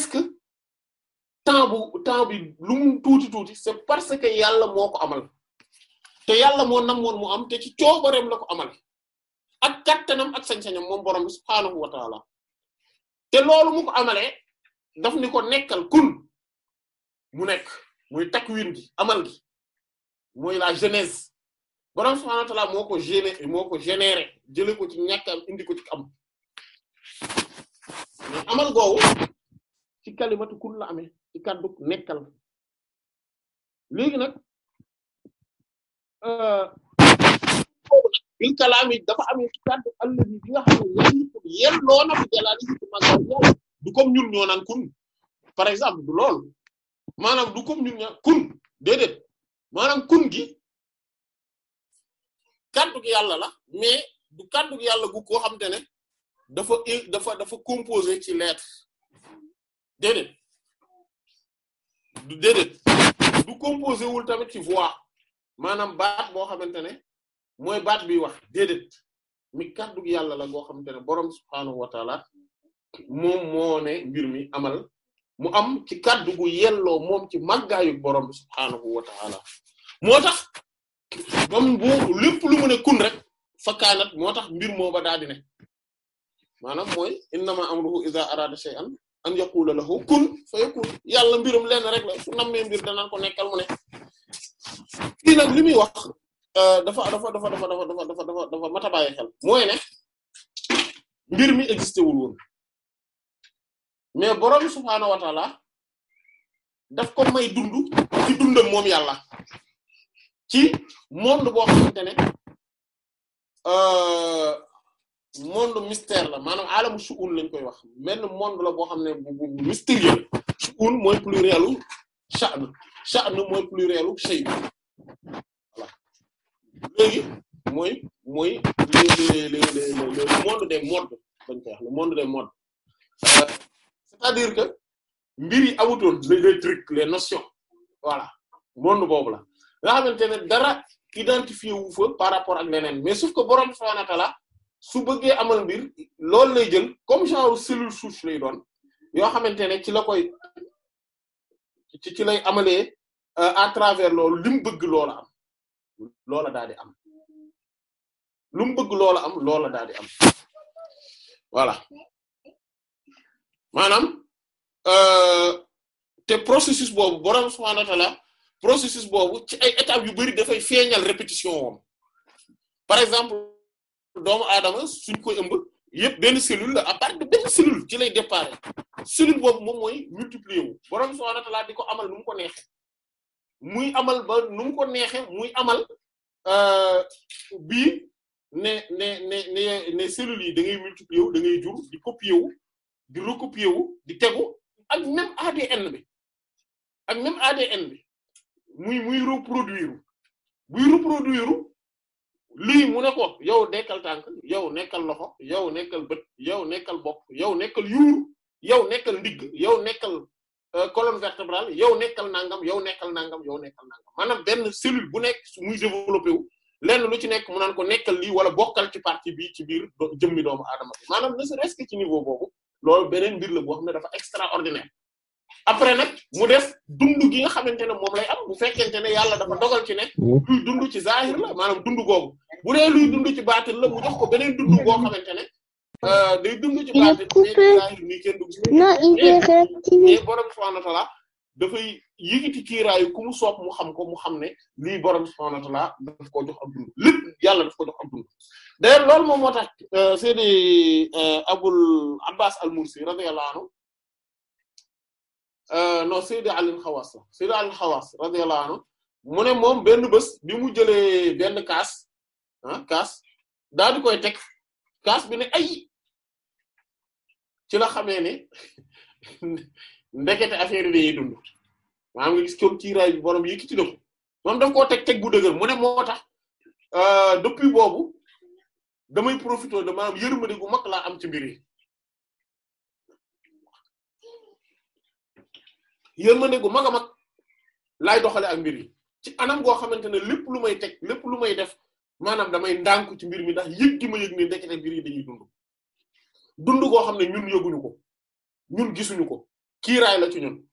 temps temps bi lu tuuti tuuti c'est parce que yàlla moo ko amal te yàlla moo namoon mu am te ci coobareem la ko amal ak kattanam ak sañ-sañam moom borom bi subhaanahu te loolu mu ko daf ni ko nekkal kun mu nekk. muy takk gi amal gi mooy la genèse borom subhaanahu wa ta'aala moo ko généré jëlee ko ci ñàkk am indi ko ci am mais amal googu ci kalimatu kun la amee ci kaddu nekkal léegi nag euh, bil kalaam dafa amee ci bi nga bi jalaali ci màggal du comme ñun ñoo par exemple du loolu maanaam du comme ñun ñaa kun déedéet maanaam kun gi kàddu gi yàlla la mais du kàddu gi yàlla gu koo xam te ne dafa dafa dafa composé ci lettre déedéet du déedéet du composé wul tamit ci voix maanaam baat boo xamante ne mooy baat bi wax déedéet mi kàddu gi yàlla la goo xamante ne boroom subhaanahu wa taala moom mbir mi amal mu am ci kaddu gu yelloo moom ci màggaayu borom bi subhaanahu wa ta'ala moo tax moom bu lépp ne kun rek fakkaanat moo tax mbir moo ba daal di ne maanaam mooy innama amruhu iza arada shay'an an yaqula lahu kun fayakun yàlla mbirum lenn rek la su nammee mbir danaan ko nekkal mu ne fii nag li muy wax euh, dafa dafa dafa dafa dafa dafa dafa dafa mata bàyyi xel mooy mbir mi existé wul woon mais borom subhaanahu wa daf ko may dund ci dundam moom yàlla ci monde boo xamante ne euh, monde mystère la maanaam alamu suun lañ koy wax benn monde la boo xam ne bu bu mystérieux suun mooy plurielu sha'n sha'n mooy plurielu shay voilà léegi mooy mooy le le le le monde des modes dañ koy wax le monde des modes. Euh, cest que mbir yi amutoon les trucs les notions voilà monde boobu la nga xamante dara identifié wu fa par rapport ak leneen mais sauf ko borom subhaanahu wa ta'aala su bëggee amal mbir loolu lay jël comme genre cellule souche lay doon yoo xamante ne ci la koy ci ci lay amalee euh, à travers loolu li mu bëgg am loola daal di am lu mu bëgg loola am loola daal di am voilà maanaam euh, te processus boobu borom subhaanahu wa ta'aala processus boobu ci ay étapes yu bari dafay feeñal répétition woom par exemple doomu aadama suñ koy ëmb yëpp benn cellule la à part de benn cellule ci lay départ cellule boobu moom mooy multiplier wu borom subhaanahu wa ta'aala di ko amal nu mu ko neexe muy amal ba nu ko neexe muy amal euh, bii ne ne ne ne ne yi da ngay multiplier wu da ngay jur di copier wu. di recopier wu di tegu ak même ADN bi ak même ADN bi muy muy reproduire buy reproduire lii mu ne ko yow nekkal tànk yow nekkal loxo yow nekkal bët yow nekkal bopp yow nekkal yuur yow nekkal ndigg yow nekkal euh, colonne vertébrale yow nekkal nangam yow nekkal nangam yow nekkal nangam maanaam benn cellule bu nekk muy développé wu lenn lu ci nekk mu naan ko nekkal li wala bokkal ci partie bi ci biir jëmmi doomu aadama bi maanaam ne serait ci niveau boobu loolu beneen mbir la boo xam ne dafa extraordinaire après nag mu des dund gi nga xamante ne moom lay am bu fekkente ne yàlla dafa dogal ci ne luy dund ci zahir la maanaam dund googu bu dee luy dund ci baatin la mu jox ko beneen dund boo xamante ne euh, day dund ci baatin mais ci zahir nii dugg ci borom subhaanahu wa dafay yëgiti kiiraayu ku mu mu xam ko mu xam ne lii borom subhaanahu wa daf koo jox ak dund lépp yàlla daf ko jox ak dund d'ailleurs loolu moom moo tax euh, Seydi euh, Abul Abbas al-Mursi radiyallahu anhu euh, non Seydi Ali al-Khawaas la Seydi Ali al-Khawaas radiyallahu moom benn bés bi mu jëlee benn kaas ah kaas daal di kaas bi ne ay ci la xamee ne ndekete affaire yi dañuy dund maanaam gis comme kiiraay bi borom yëkkati na ko moom daf koo teg teg bu dëgër mu ne moo tax euh, depuis boobu damay profité de maanaam yërmande gu mag laa am ci mbir yi yërmande gu mag a mag laay doxale a mbir yi ci anam goo xamante ne lépp lu may teg lépp lu may def maanaam damay ndànku ci mbir mi ndax yëg gi ma yëg ni ndekete mbir yi dañuy dund dund koo xam ne ñun yëguñu ko ñun gisuñu ko kiiraay la ci ñun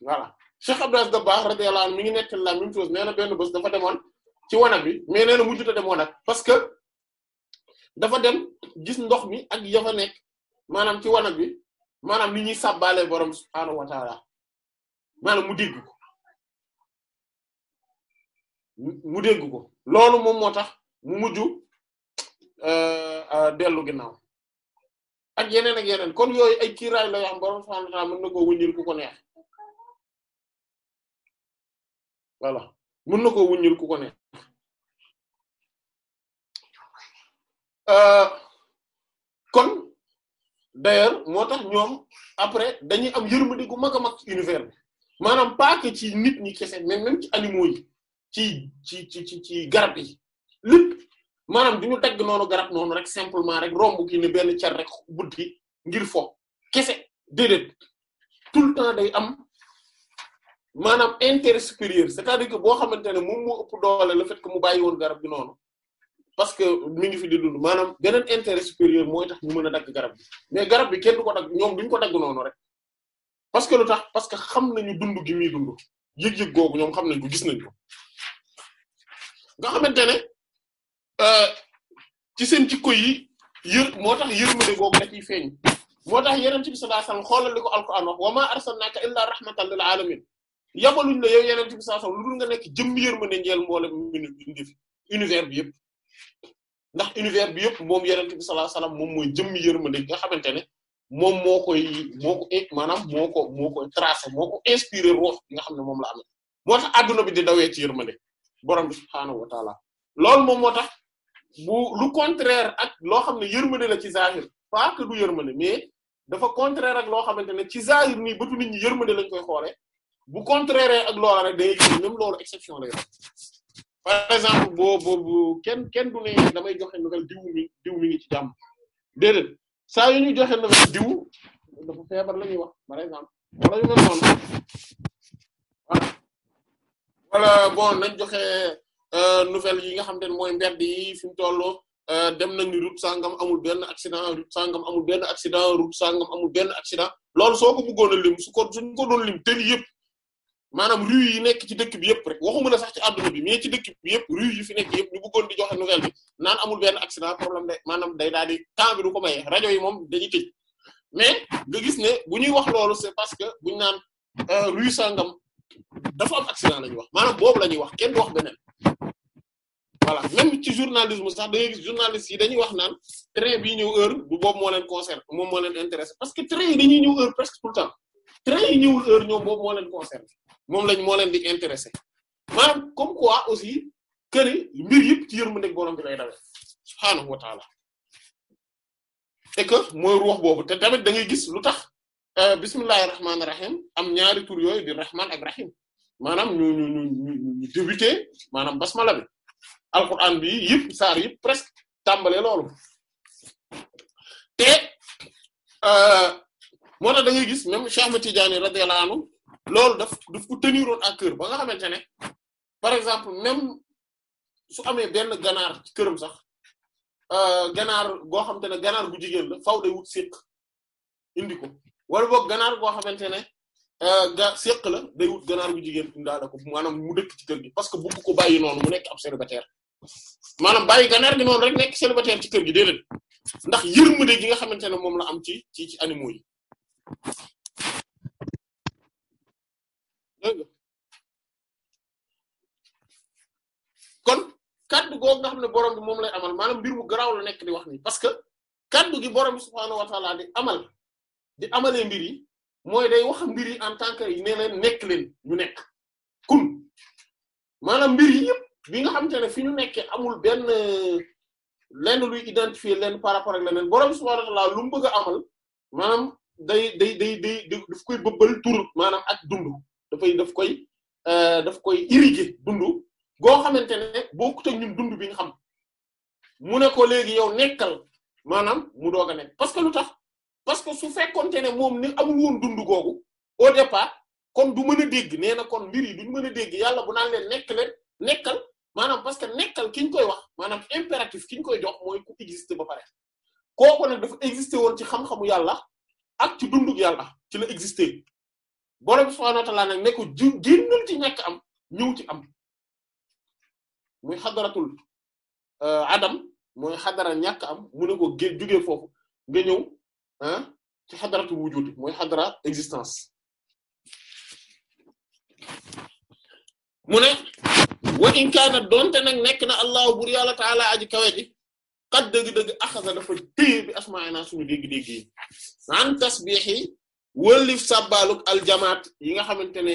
voilà Cheikh Abdou baax radiyallahu anhu mi ngi nettali la même chose nee na benn bés dafa demoon ci wanag bi mais nee mujj mujjut a dem wanag parce que dafa dem gis ndox mi ak yafa nekk maanaam ci wanag bi maanaam li ñuy sàbbaale borom subhaanahu wa taala maanaam mu dégg mu dégg ko loolu moom moo tax mu mujj euh, euh, dellu ginnaaw ak yeneen ak yeneen kon yooyu ay kiiraay la yoo xam borom subhaanahu wa na koo wuññil ku ko neex voilà mën na koo wuññil ku ko neex euh, kon d'ailleurs moo tax ñoom après dañuy am yërmande gu mag a mag univers bi maanaam pas ci nit ñi kese mais même ci animaux yi ci ci ci ci garab yi lépp. maanaam du ñu dagg noonu garab noonu rek simplement rek romb kii ne benn car rek buddi ngir fo kese déedéet tout le temps day am maanaam intérêt supérieur c'est-à-dire que boo xamante ne moom moo ëpp doole le fait ko mu bàyyi woon garab bi noonu parce que mi ngi fi di dund maanaam beneen intérêt supérieur mooy tax ñu mën a dagg garab bi mais garab bi kenn du ko dagg ñoom ñu ko dagg noonu rek parce que lu tax parce que xam nañu dund gi muy dund yëg-yëg googu ñoom xam nañ ko gis nañ xamante ne. Euh, ci seen jikko yi yër moo tax yërmande googu da ciy feeñ moo tax yeneen bi sallallahu alayhi wasallam xoolal li ko alquran wax wa ma arsalnaka illa rahmatan lil alamin yabaluñ la yow yeneen bi sallallahu alayhi wasallam lu dul nga nekk jëmm yërmande njeel mboolem univers bi yëpp ndax univers bi yëpp moom yeneen bi sallallahu alayhi wasallam moom mooy jëmm yërmande nga xamante ne moom moo koy moo ko maanaam moo ko moo koy tracé moo ko inspiré ruux nga xam ne moom la amee moo tax adduna bi di dawee ci yërmande borom bi bu lu contraire ak loo xam ne yërmande la ci zahir pas que du yërmande mais dafa contraire ak loo xamante ne ci zahir nii bëtu nit ñi yërmande lañ koy xoole bu contraire ak loola rek day gis même loolu exception lay doon par exemple kenn kenn du ne damay joxe nouvelle diw mi diw mi ngi ci jàmm saa yu ñu joxe nouvelle diw dafa feebar la ñuy wax par exemple wala bon nañ joxe. Euh, nouvelle yi nga xam te ne mooy mbedd yi fi mu toll euh, dem nañ ni route sangam amul benn accident route sangam amul benn accident route sangam amul benn accident loolu soo ko bëggoon a lim su ko suñ ko doon lim tëri yëpp maanaam rue yi nekk ci dëkk bi yëpp rek waxuma la sax ci àdduna bi mais ci dëkk bi yëpp rue yi fi nekk yëpp ñu bëggoon di joxe nouvelle bi naan amul benn accident problème de maanaam day daal di temps ko maye rajo yi moom dañuy tëj mais nga gis ne bu ñuy wax loolu c'est parce que bu ñu naan euh, rue sangam dafa am accident la ñuy wax maanaam boobu la ñuy wax kenn du wax voilà même ci journalisme sax da ngay gis journalistes yi dañuy wax naan train bii ñëw heure bu boobu moo leen concerné moom moo leen intéressé parce que train yi dañuy ñëw heure presque tout le temps train yi ñëwul heure ñoom boobu moo leen concerné moom lañ moo leen di intéressé maanaam comme quoi aussi que ni mbir ci yërmandeeg borom bi lay dawee subhaanahu wa taala et que mooy ruux boobu te tamit da ngay gis lu tax euh, bismillahir rahmanir rahim am ñaari tur yooyu di rahman ak maanaam ñu maanaam basmala bi. alquran bi yëpp saar yëpp presque tàmbale loolu te euh, moo tax da ngay gis même Cheikh Ahmed la radiyallahu anhu loolu daf daf ko teniroon à cœur ba nga xamante ne par exemple même su amee benn ganaar ci këram sax euh, ganaar goo xamante ne ganaar gu jigéen la faaw day wut séq indi ko wala boog ganaar goo xamante ne euh, ga séq la day wut ganaar gu jigéen indaale ko maanaam mu dëkk ci gi parce que bëgg ko bàyyi noonu mu nekk ab célibataire maanaam bàyyi ganaar gi noonu rek nekk célibataire ci kër gi déedéet ndax yërmande gi nga xamante ne moom la am ci ci ci animaux yi kon kaddu googu nga xam ne borom bi moom lay amal maanaam mbir mu garaaw la nekk di wax ni parce que kaddu gi borom bi subhaanahu wa di amal di amalee mbir yi mooy day wax mbir yi en tant que nekk leen ñu nekk kun maanaam mbir yi bi nga xamante ne fi ñu nekkee amul benn lenn luy identifier lenn par rapport ak leneen borom subhaanahu wa ta'aala lu mu bëgg a amal maanaam day day day day daf koy bëbbal tur maanaam ak dund dafay daf koy euh, daf koy irriguer dund goo xamante ne bokkut ak ñun dund bi nga xam mu ne ko léegi yow nekkal maanaam mu doog a nekk parce que lu tax parce que su fekkonte ne moom ni amul woon dund googu au départ kon du mën a dégg nee na kon mbir yi duñ mën a dégg yàlla bu naan leen nekk leen nekkal. maanaam parce nekkal ki ñu koy wax maanaam impératif ki ñu koy jox mooy ku exister ba pare kooku nag dafa exister woon ci xam-xamu yàlla ak ci dundug yàlla ci la exister borom subhaanahu wa ta'aala nag ne ji génnal ci ñàkk am ñëw ci am muy xadaratul euh, adam mooy xadara ñàkk am mu ne ko gén jugee foofu nga ñëw ah ci xadaratul wujud mooy xadara existence mu wa in kaana donte nag nekk na allahu bur yàlla taala aji kawe ji xat dëgg-dëgg axasa dafa téye bi asmaana suñu dégg-dégg yi an tasbix yi wëllif sàbbaaluk aljamaat yi nga xamante ne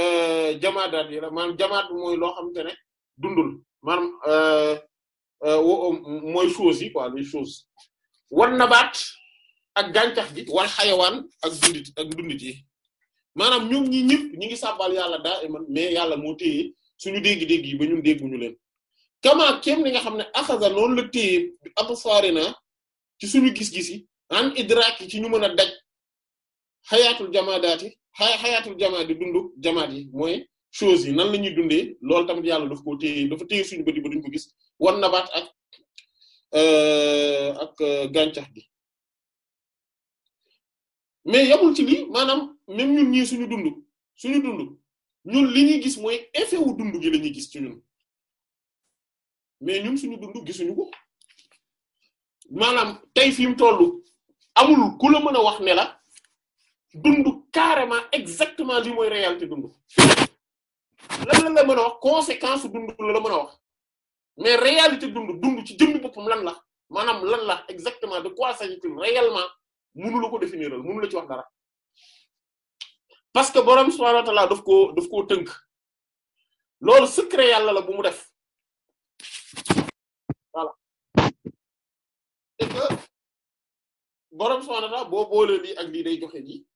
euh, jamaadaat yi la maanaam jamaat bi mooy loo xamante ne dundul maanaam euh, euh, mooy choses yi quoi les choses war nabaat ak gàncax gi wal xayawaan ak dundit ak dundit yi maanaam ñoom ñi ñëpp ñi ngi sàbbal yàlla daa iman mais yàlla moo téye suñu dégg-dégg yi ba ñun dégguñu leen kama kéem li nga xam ne axasa noonu la téye na ci suñu gis-gis yi an idraak ci ñu mën a daj jama jamaadaati xay xayaatul jamaadi dundu jamaat yi mooy choses yi nan la ñuy dundee loolu tamit yàlla daf ko téye dafa téye suñu bëti ba duñ ko gis war nabaat ak euh, ak euh, gàncax gi mais ci lii maanaam même ñun ñi suñu dund suñu dund ñu li ñuy gis mooy effet wu dund gi la ñuy gis ci ñun mais ñu suñu dund gisuñu ko maanaam tey fi mu toll amul ku la mën a wax ne la dund carrément exactement li mooy réalité dund lan la la mën a wax conséquence dund la la mën a wax mais réalité dund dund ci jëmmi boppam lan la maanaam lan la exactement de quoi s'agit-il réellement mënu la ko définiral mënu la ci wax dara parce que borom subhaanahu wa ta'aala daf ko daf koo tënk loolu secret yàlla la bu mu def voilà c'est que borom subhaanahu wa ta'aala boo boolee lii ak lii day joxe ji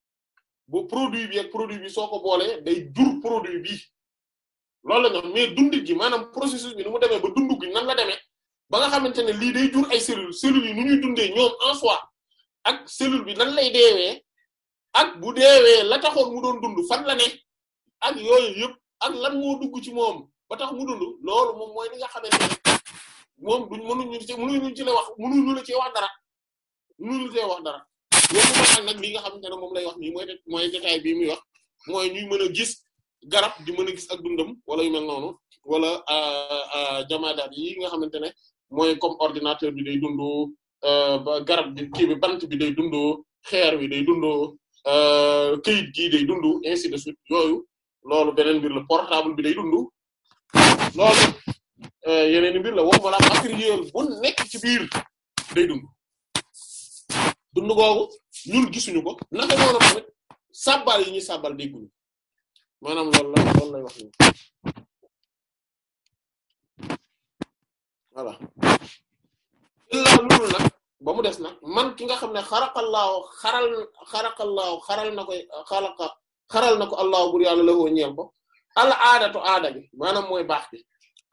bu produit bi ak produit bi soo ko boolee day jur produit bi loolu la ñu wax mais dund ji maanaam processus bi nu mu demee ba dund gi nan la demee ba nga xamante ne lii day jur ay cellules cellules yi nu ñuy dundee ñoom en soi ak cellule bi nan lay deewee. ak bu deewee la taxoon mu dund fan la ne ak yooyu yëpp ak lan moo dugg ci moom ba tax mu dund loolu mom mooy li nga xamante ne moom duñ mënuñu ci mënuñu ci la wax mënuñu la ci wax dara mënuñu la ci wax dara loolu mooy nag li nga xamante ne moom lay wax nii mooy mooy détail bii muy wax mooy ñuy mën a gis garab di a gis ak dundam wala yu mel noonu wala euh, euh, jamaadaat yi nga xamante ne mooy comme ordinateur bi day dund euh, garab bi kii bi bant bi day dund xeer bi day dund. Euh, këyit gii day dund ainsi de suite yooyu loolu beneen mbir la portable bi day dund loolu euh, yeneen mbir la waxuma la matériel bu nekk ci biir day dund dund googu ñun gisuñu ko naka noonu tamit sabbal yi ñuy sabbal dégguñu maanaam loolu la loolu lay wax ni voilà illa loolu nag ba mu des na man ki nga xam ne xaraqallaahu xaral xaraqallaahu xaral na koy xaraqa xaral na ko allaahu bur yàlla lawoo ñeel ko al aadatu aada bi maanaam mooy baax bi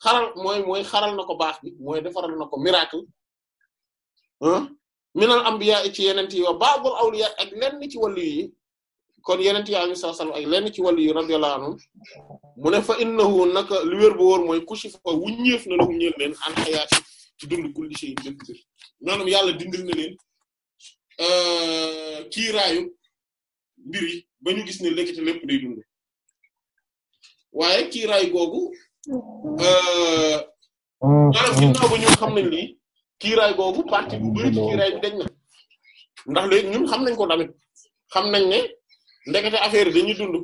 xaral mooy mooy xaral na ko baax bi mooy defaral na ko miracle ah minal ambiya ci yenent yi wa ba'dul awliya ak lenn ci wàllu yi kon yenent yi alayhi salaam ak lenn ci wàllu yi radiyallahu anhum mu ne fa innahu naka lu wér bu wóor mooy kushifa wuññeef na lahum ñeel leen an hayaati ci dund kulli shay'in lépp mbir yàlla dindil na leen euh, kiiraayu mbir ba ñu gis ne lekkite lépp day dund waaye kiiraay googu euh, mm. maanaam ginnaaw ba ñun xam nañ lii kiiraay googu partie ndax léegi ñun xam nañ ko tamit xam nañ ne ndekete affaire yi dañuy dund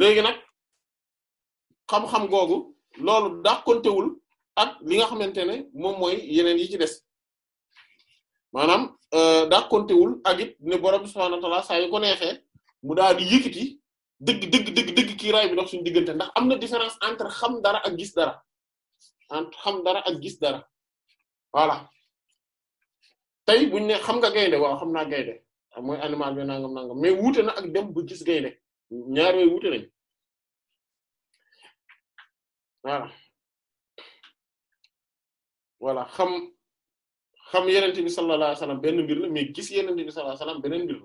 léegi nag xam-xam googu loolu dàqontewul ak li nga xamante ne moom mooy yeneen yi ci des maanaam euh, daa kontewul ak it ne borom subhaanahu wa ta'aala saa yu ko neexee mu daal di yëkkati dëgg dëgg dëgg dëgg kii raay bi dox suñu diggante ndax am na différence entre xam dara ak gis dara entre xam dara ak gis dara voilà tey buñ ne xam nga gaynde waaw xam naa gaynde ah, mooy animal bi nangam nangam mais wuute na ak dem bu gis gaynde ñaar yooyu wuute voilà xam xam yenente bi sallallahu alayhi benn mbir mais gis yenente bi sallallahu alayhi wasallam beneen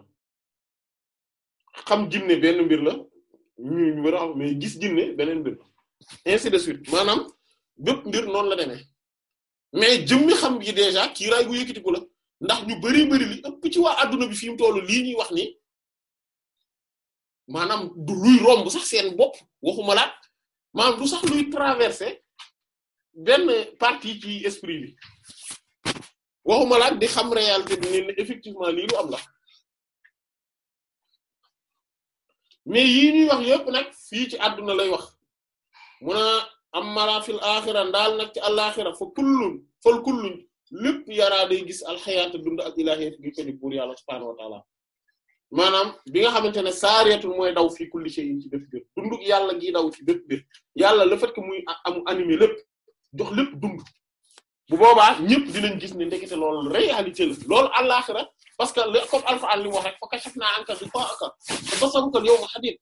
xam jinne benn mbir la ñu war gis jinne beneen mbir la ainsi de suite maanaam bépp mbir noonu la demee mais jëmmi xam gi déjà kiiraay gu yëkkatiku ndax ñu bari bari li ëpp ci waa adduna bi fi mu tollu lii ñuy wax ni maanaam du luy romb sax seen bopp waxuma laat maanaam du sax luy traverser benn partie ci esprit bi waxuma la di xam réalité bi ne effectivement lii am la mais yii ñuy wax yëpp nag fii ci àdduna lay wax mu ne amala fil axira ndaal nag ci àlaxira fo kullun fal kullun lépp yaraa day gis alxayaata dund ak ilahiyat gi wa taala maanaam bi nga xamante ne saariyatul mooy daw fi kulli ci bépp biir dunduk yàlla gi daw ci bépp biir yàlla le fait que muy am lépp jox lépp dund bu boobaa ñëpp dinañ gis ne ndekete loolu réalité la loolu àllaaxira parce que comme alxuraan li mu wax rek fa kashafna anka ghita'aka fa basaruka al-yawma hadid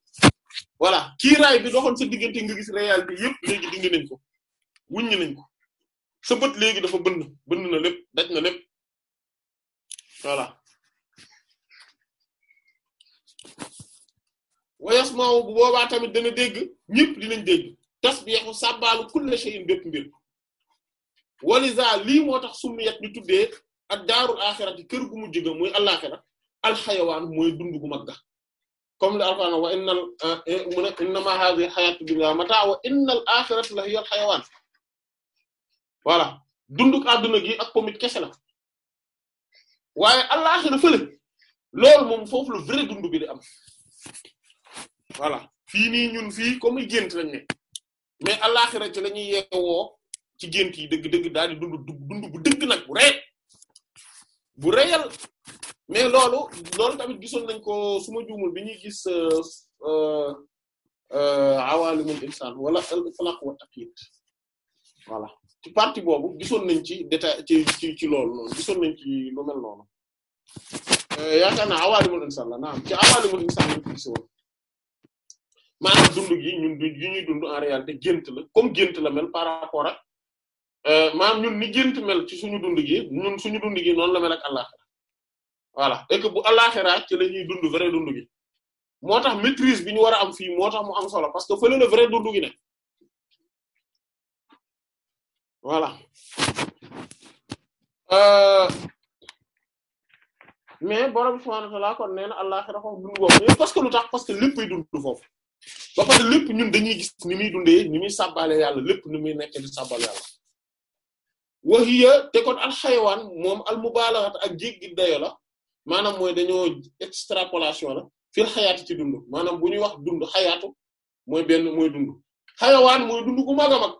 bi doxoon sa diggante nga gis réalité yëpp léegi dindi nañ ko wuññi nañ ko sa bët léegi dafa bënn bënn na lépp daj na lépp voilà. wayas maaw bu boobaa tamit dana dégg ñëpp dinañ dégg. tasbihu sàbbaalu kulli shay'in bépp mbir waliza lii moo tax summiyat ñu tuddee ak daarul axirati kër gu mujj ga mooy alaxira alxayawaan mooy dund gu mag ga comme le alquran wa innal eh, mu ne innama hadhihi hayatu dunya mata wa gi ak pomit kese la waaye alaxira fële loolu moom foofu le vrai dund bi am voilà fii nii ñun fii comme gént lañ ne mais àllaaxira ci la ñuy yeewoo ci gént yi dëgg dëgg daal di dund dund bu dëgg nag bu rëy bu rëyal mais loolu loolu tamit gisoon nañ ko suma juumul bi ñuy gis euh, euh, awaalimul insaan wala al-falaq wa taqyid ci parti boobu gisoon nañ ci détail ci ci ci loolu noonu ci lu mel noonu euh, yaakaar naa awaalimul insaan la naam ci awaalimul insaan lañ ko maanaam dund gi ñun du yu ñuy dund en réalité gént la comme gént la mel par rapport ak euh, maanaam ñun ni gént mel ci suñu dund ñun suñu dund gi noonu la mel ak àllaxira voilà bu àllaxira ci la ñuy dund vrai dund gi moo tax maîtrise bi ñu war a am fii moo tax mu am solo parce que fële le vrai dund gi ne voilà euh, mais borom subhanahu wa ta'ala kon nee na àllaxira foofu dund que lu tax dund foofu ba lépp ñun dañuy gis ni muy dundee ni muy sàbbaale yàlla lépp ni muy nekk di sàbbaale yàlla wa hiya te kon al xayawaan moom al mubaalaxat ak jéggi dayo la maanaam mooy dañoo extrapolation la fil xayaati ci dund maanaam bu ñuy wax dund xayaatu mooy benn mooy dund xayawaan mooy dund gu mag a mag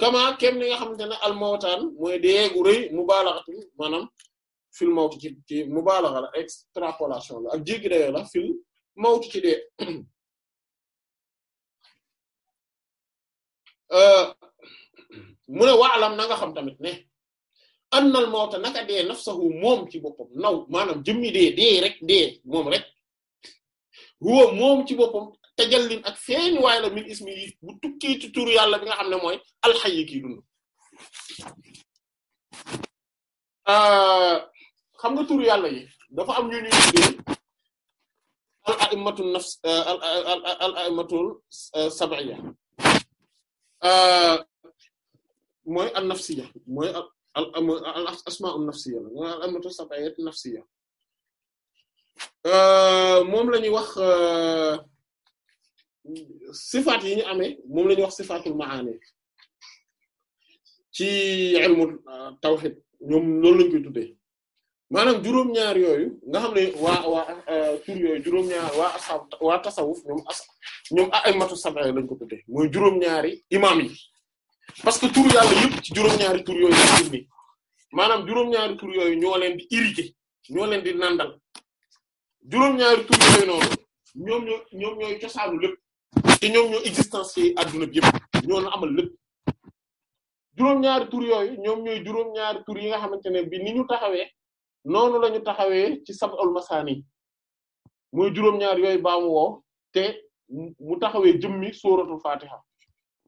kama kem ni nga xamante ne al mawtaan mooy dee gu rëy mubaalaxatu maanaam fil mawtu ci ci mubaalaxa extrapolation la ak jéggi dayo la fil mawtu ci dee mu ne waalam na nga xam tamit ne annal mawta naka dee nafsahu moom ci boppam naw maanaam jëmmi dee dee rek dee moom rek huwa moom ci boppam tajallin ak feeñ waay la min ismi yi bu tukkee ci turu yàlla bi nga xam ne mooy alxayi kii dund ah, xam nga turu yàlla yi dafa am ñu ñuy tuddee al a'immatu nafs al al Euh, mooy al nafsiya mooy al al asmaa al nafsiya la mooy al amatu sab'iyat nafsiya euh, moom la ñuy wax euh, sifaat yiñu ame amee moom la wax sifaatul maani ci ilmu tawhid ñoom loolu lañ koy tuddee. maanaam juróom-ñaar yooyu nga xam ne waa waa euh, tur yooyu juróom-ñaar waa asab waa tasawuf ñoom as ñoom a'immatu sab'a lañ ko tuddee mooy juróom-ñaari parce que tur yàlla yëpp ci juróom-ñaari tur yooyu maanaam juróom-ñaari yooyu ñoo leen di irriguer ñoo leen di nandal juróom-ñaari tur yooyu noonu ñoom ñoo ñoom lépp te ñoom existence ci adduna bi yëpp ñoo na amal lépp. juróom-ñaari tur yooyu ñoom ñooy juróom-ñaari tur yi nga xamante ne bi ni ñu taxawee. noonu lañu taxawee ci sab'ul masaani muy juróom-ñaar yooyu baamu woo te mu taxawee jëmmi sóoratul fatiha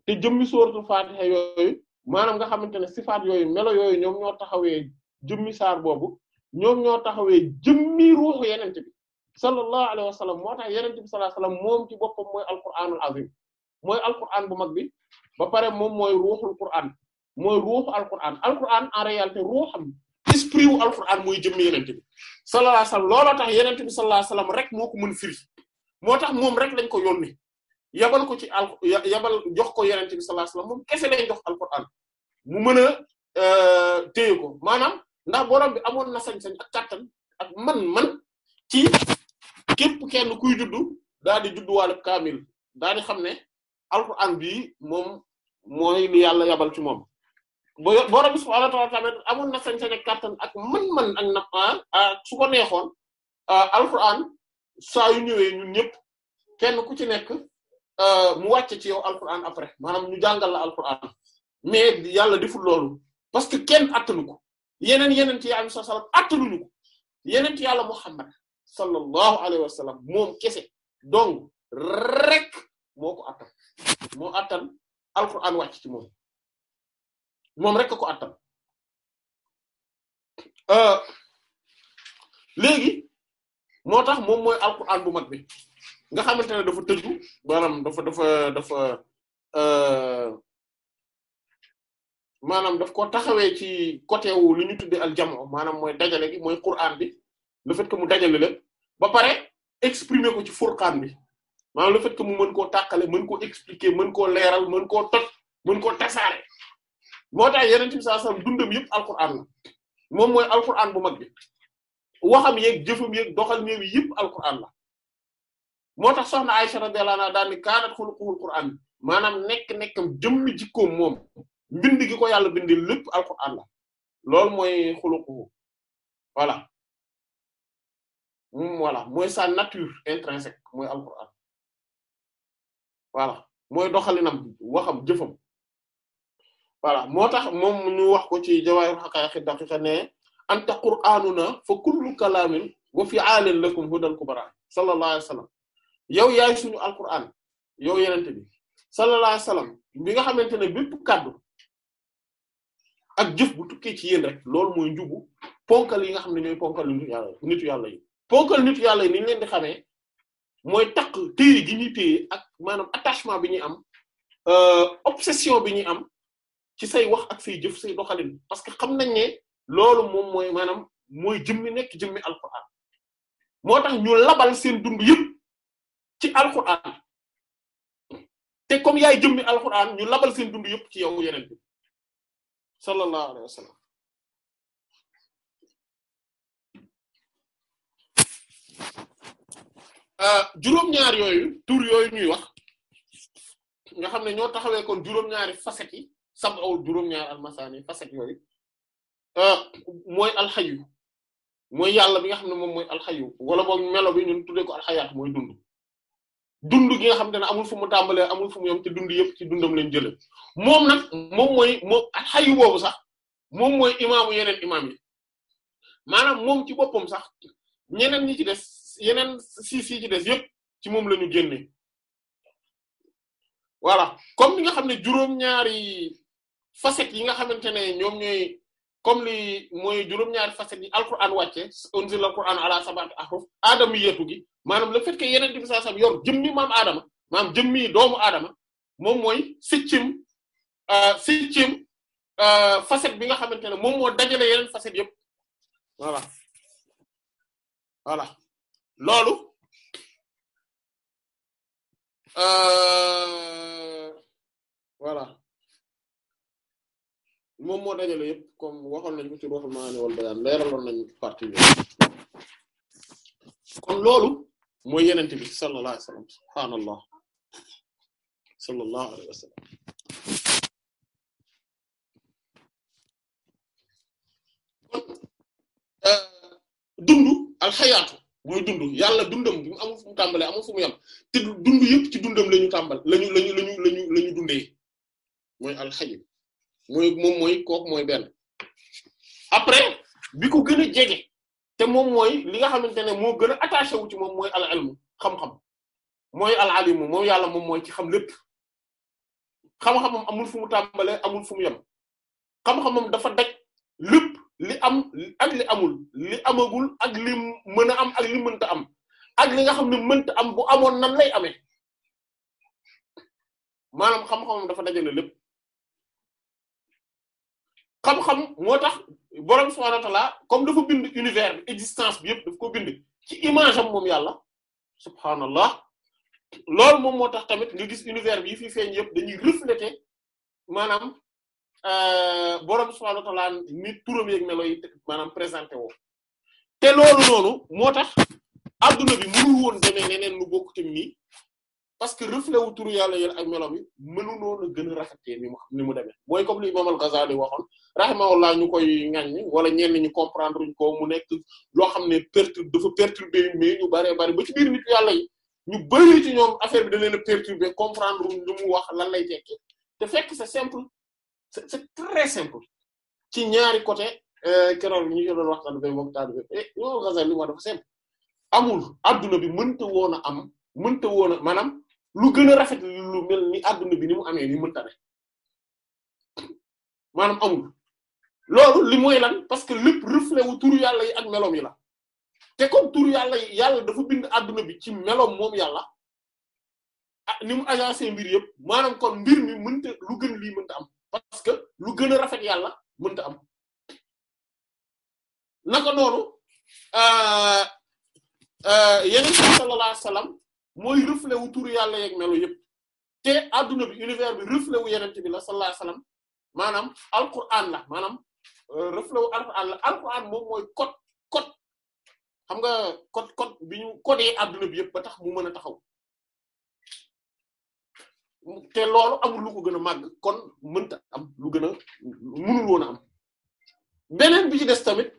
te jëmmi sóoratul fatiha yooyu maanaam nga xamante ne sifaat yooyu melo yooyu ñoom ñoo taxawee jëmmi saar boobu ñoom ñoo taxawee jëmmi ruuxu yeneen bi sallallahu alayhi wa moo tax yeneen bi sallallahu alayhi wa sallam moom ci boppam mooy alqur'aanul azim mooy alqur'aan bu mag bi ba pare moom mooy ruuxul qur'aan mooy ruuxu alqur'aan alqur'aan en réalité ruuxam esprit wu alquran mooy jëmm yenente bi sallallahu alayhi wasallam looloo tax yenente bi rek moo ko mën firi moo tax moom rek lañ ko yónnee yabal ko ci al yabal jox ko yenente bi sallallahu alayhi wasallam moom kese lañ jox alquran mu mën a euh, téye ko maanaam ndax borom bi amoon na sañ-sañ ak kàttan ak man-man ci képp kenn kuy juddu daal di judduwaale kaamil daal di xam ne alquran bii moom mooy lu yàlla yabal ci moom borom bi subhaanahu wa tamit amul na sañ-sañ ak kàttan ak mën-mën a na ah, su ko neexoon ah, alquran saa yu ñëwee ñun ñëpp kenn ku ci nekk ah, mu wàcce ci yow alquran après maanaam ñu jàngal la alquran mais yàlla deful loolu parce que kenn attanu ko yeneen yeneen ci yàlla yeneen ci yàlla Muhammad sallallahu alayhi wasallam moom kese donc rek moo ko attan moo attan alquran wàcc ci moom. moom rek ko attan euh, léegi moo tax moom mooy alquran bu mag bi nga xamante ne dafa tëggu maanaam dafa dafa dafa euh, maanaam daf ko taxawee ci côté wu li ñu tuddee al jamoo maanaam mooy dajale gi mooy quran bi le fait que mu dajale la ba pare exprimer ko ci furqaan bi maanaam le fait que mu mën koo tàqale mën koo expliquer mën koo leeral mën koo toj mën koo tasaare moo tax yeneen bi sallallahu alayhi wasallam dundam yëpp alquran la moom mooy alquran bu mag bi waxam yeeg jëfam yeeg doxal néew yëpp alquran la moo tax soxna Aysa radiyallahu anha daal ni kaanat xuluquhul qur'an maanaam nekk-nekkam jëmmi jikkoom moom mbind gi ko yàlla bindi lépp alquran la loolu mooy xuluquhu voilà mm, voilà mooy sa nature intrinsèque mooy alquran voilà mooy doxalinam waxam jëfam voilà moo tax moom ñu wax ko ci jawaahirul haqaa'iq daqiqa ne anta qur'aanuna fa kullu kalaamin wa fi'aalin lakum hudal kubra sallallahu alayhi wa sallam yow yaay suñu alquran yow yenente bi sallallahu alayhi wa sallam bi nga xamante ne bépp kàddu ak jëf bu tukkee ci yéen rek loolu mooy njubu ponkal yi nga xam ne ñooy ponkal nitu yàlla nitu yàlla yi ponkal nitu yàlla yi ni ñu leen di xamee mooy takk téye gi ñuy téye ak maanaam attachement bi ñuy am euh, obsession bi ñuy am ci say wax ak say jëf say doxalin parce que xam nañ ne loolu moom mooy manam mooy jëmmi nekk jëmmi alquran moo tax ñu labal seen dund yëpp ci alquran te comme yaay jëmmi alquran ñu labal seen dund yëpp ci yow yeneen bi sallallahu alayhi wa sallam euh, juróom-ñaar yooyu tur yooyu ñuy wax nga xam ne ñoo taxawee kon juróom-ñaari facettes yi sab aw juróom-ñaar almasaani fasak yooyu euh, mooy alxayu mooy yàlla bi nga xam ne moom mooy alxayu wala boog melo bi ñun tuddee ko alxayaat mooy dund dund gi nga xam te ne amul fu mu tàmbalee amul fu mu yem te dund yëpp ci dundam leen jëlee moom nag moom mooy moom alxayu boobu sax moom mooy imaamu yeneen imaam yi maanaam moom ci boppam sax ñeneen ñi des yeneen si si ci des yëpp ci moom la ñu génnee voilà comme ni xam ne juróom-ñaari facettes yi nga xamante ne ñoom ñooy comme li mooy juróom-ñaari facettes yi alquran wàcce unzil alquran ala sab'ati ahruf aadama yeetu gi maanaam le fait que yeneen bi saa sam yor jëmmi maam aadama maanaam jëmmi doomu aadama moom mooy siccim euh, siccim euh, facette bi nga xamante ne moom moo dajale yeneen facettes yëpp voilà voilà loolu. Euh, moom moo dajale yëpp comme waxoon nañ ko ci ruuxul maani wal bayaan leeraloon nañ partie bi loolu mooy yenente bi sallallahu alayhi wa sallam subhaanallah sallallahu alayhi wa sallam euh, dundu alxayaatu mooy dundu yàlla dundam bi mu mu tàmbalee amul fu mu yam te dundu yëpp ci dundam la ñu tàmbal lañu lañu lañu lañu la ñu mooy moom mooy kooku mooy benn après bi ko gën a jege te moom mooy li nga xamante ne moo gën a attaché wu ci moom mooy al ilmu xam-xam mooy al alimu moom yàlla moom mooy ci xam lépp xam amul fu mu tàmbalee amul fu mu yem xam-xamam dafa daj lépp li am ak amul li amagul ak li mën a am ak li am ak li nga xam ne mënta am bu amoon nan lay amee maanaam xam-xamam dafa dajale lépp xam-xam moo tax borom subhaanahu wa ta'aala comme dafa bind univers bi existence bi yëpp daf ko bind ci image am moom yàlla subhaanallah loolu moom moo tax tamit nga gis univers bi yi fi feeñ yëpp dañuy refléter maanaam euh, borom subhaanahu wa ta'aala ni turam yeeg melo yi maanaam présenté wo te loolu noonu moo tax adduna bi mënul woon demee neneen lu bokk nii parce que reflet wu turu yàlla yéen ak meloom yi mënunoon a gën a rafetee ni mu ni mu demee mooy comme li imam al-Ghazali waxoon rahimahullah ñu koy ŋaññi wala ñenn ñu comprendre ñu ko mu nekk loo xam ne perturbe dafa perturber mais ñu bëree bëri ba ci biir nit yàlla yi ñu bëri ci ñoom affaire bi da leen a perturber comprendre lu mu wax lan lay tekki te fekk c'est simple c'est c'est simple ci ñaari côté euh, keroog ñu doon waxtaan ba moom taal bi eh imam al-Ghazali wax dafa simple amul adduna bi mënta woon a am mënta woon a maanaam. lu gën a rafet lu mel ni adduna bi ni mu amee ni mënta ne maanaam amul loolu li lan parce que reflet wu turu yàlla yi ak meloom yi la te comme turu yàlla yi yàlla dafa bind àdduna bi ci meloom moom yàlla ah ni mu agencé mbir yëpp maanaam kon mbir mi mënta lu gën lii mënta am parce lu gën rafet yàlla mënta am naka noonu euh, euh, yeneen sallallahu alayhi mooy reflet wu turu yàlla yeeg melo yëpp te adduna bi univers bi reflet wu yeneen bi la sallallahu alayhi wasallam maanaam alquran la maanaam euh, reflet wu alquran la alquran moom mooy code code xam nga code code bi ñu codé adduna bi yëpp ba tax mu mën a taxaw te loolu amul lu ko gën a màgg kon mënta am lu gën a mënul woon a am beneen bi ci des tamit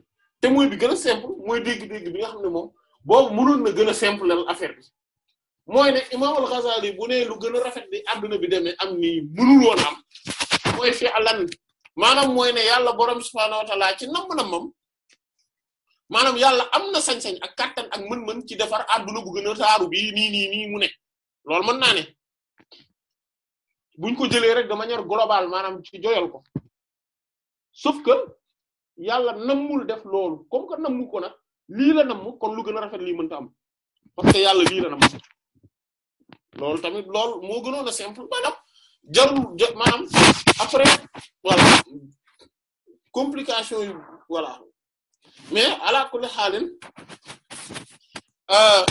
te mooy bi gën a simple mooy dégg-dégg bi nga xam ne moom boobu mënoon na gën a simple affaire bi mooy ne imaam al-Ghazali bu lu gën a rafet bi adduna bi demee am nii mënul am mooy fi lan maanaam mooy ne yàlla borom subhaanahu wa ta'ala ci nam na moom maanaam yàlla am na sañ-sañ ak kattan ak mën-mën ci defar adduna bu gën a taaru bii nii nii nii mu ne loolu mën naa ne buñ ko jëlee rek da manière globale maanaam ci joyal ko sauf que yàlla nammul def loolu comme que nammu ko nag lii la namm kon lu gën a rafet lii mënta am parce que yàlla lii la loolu tamit loolu moo gënoon a simple maanaam jaru maanaam après voilà complication yu voilà mais ala kulli xaalin euh,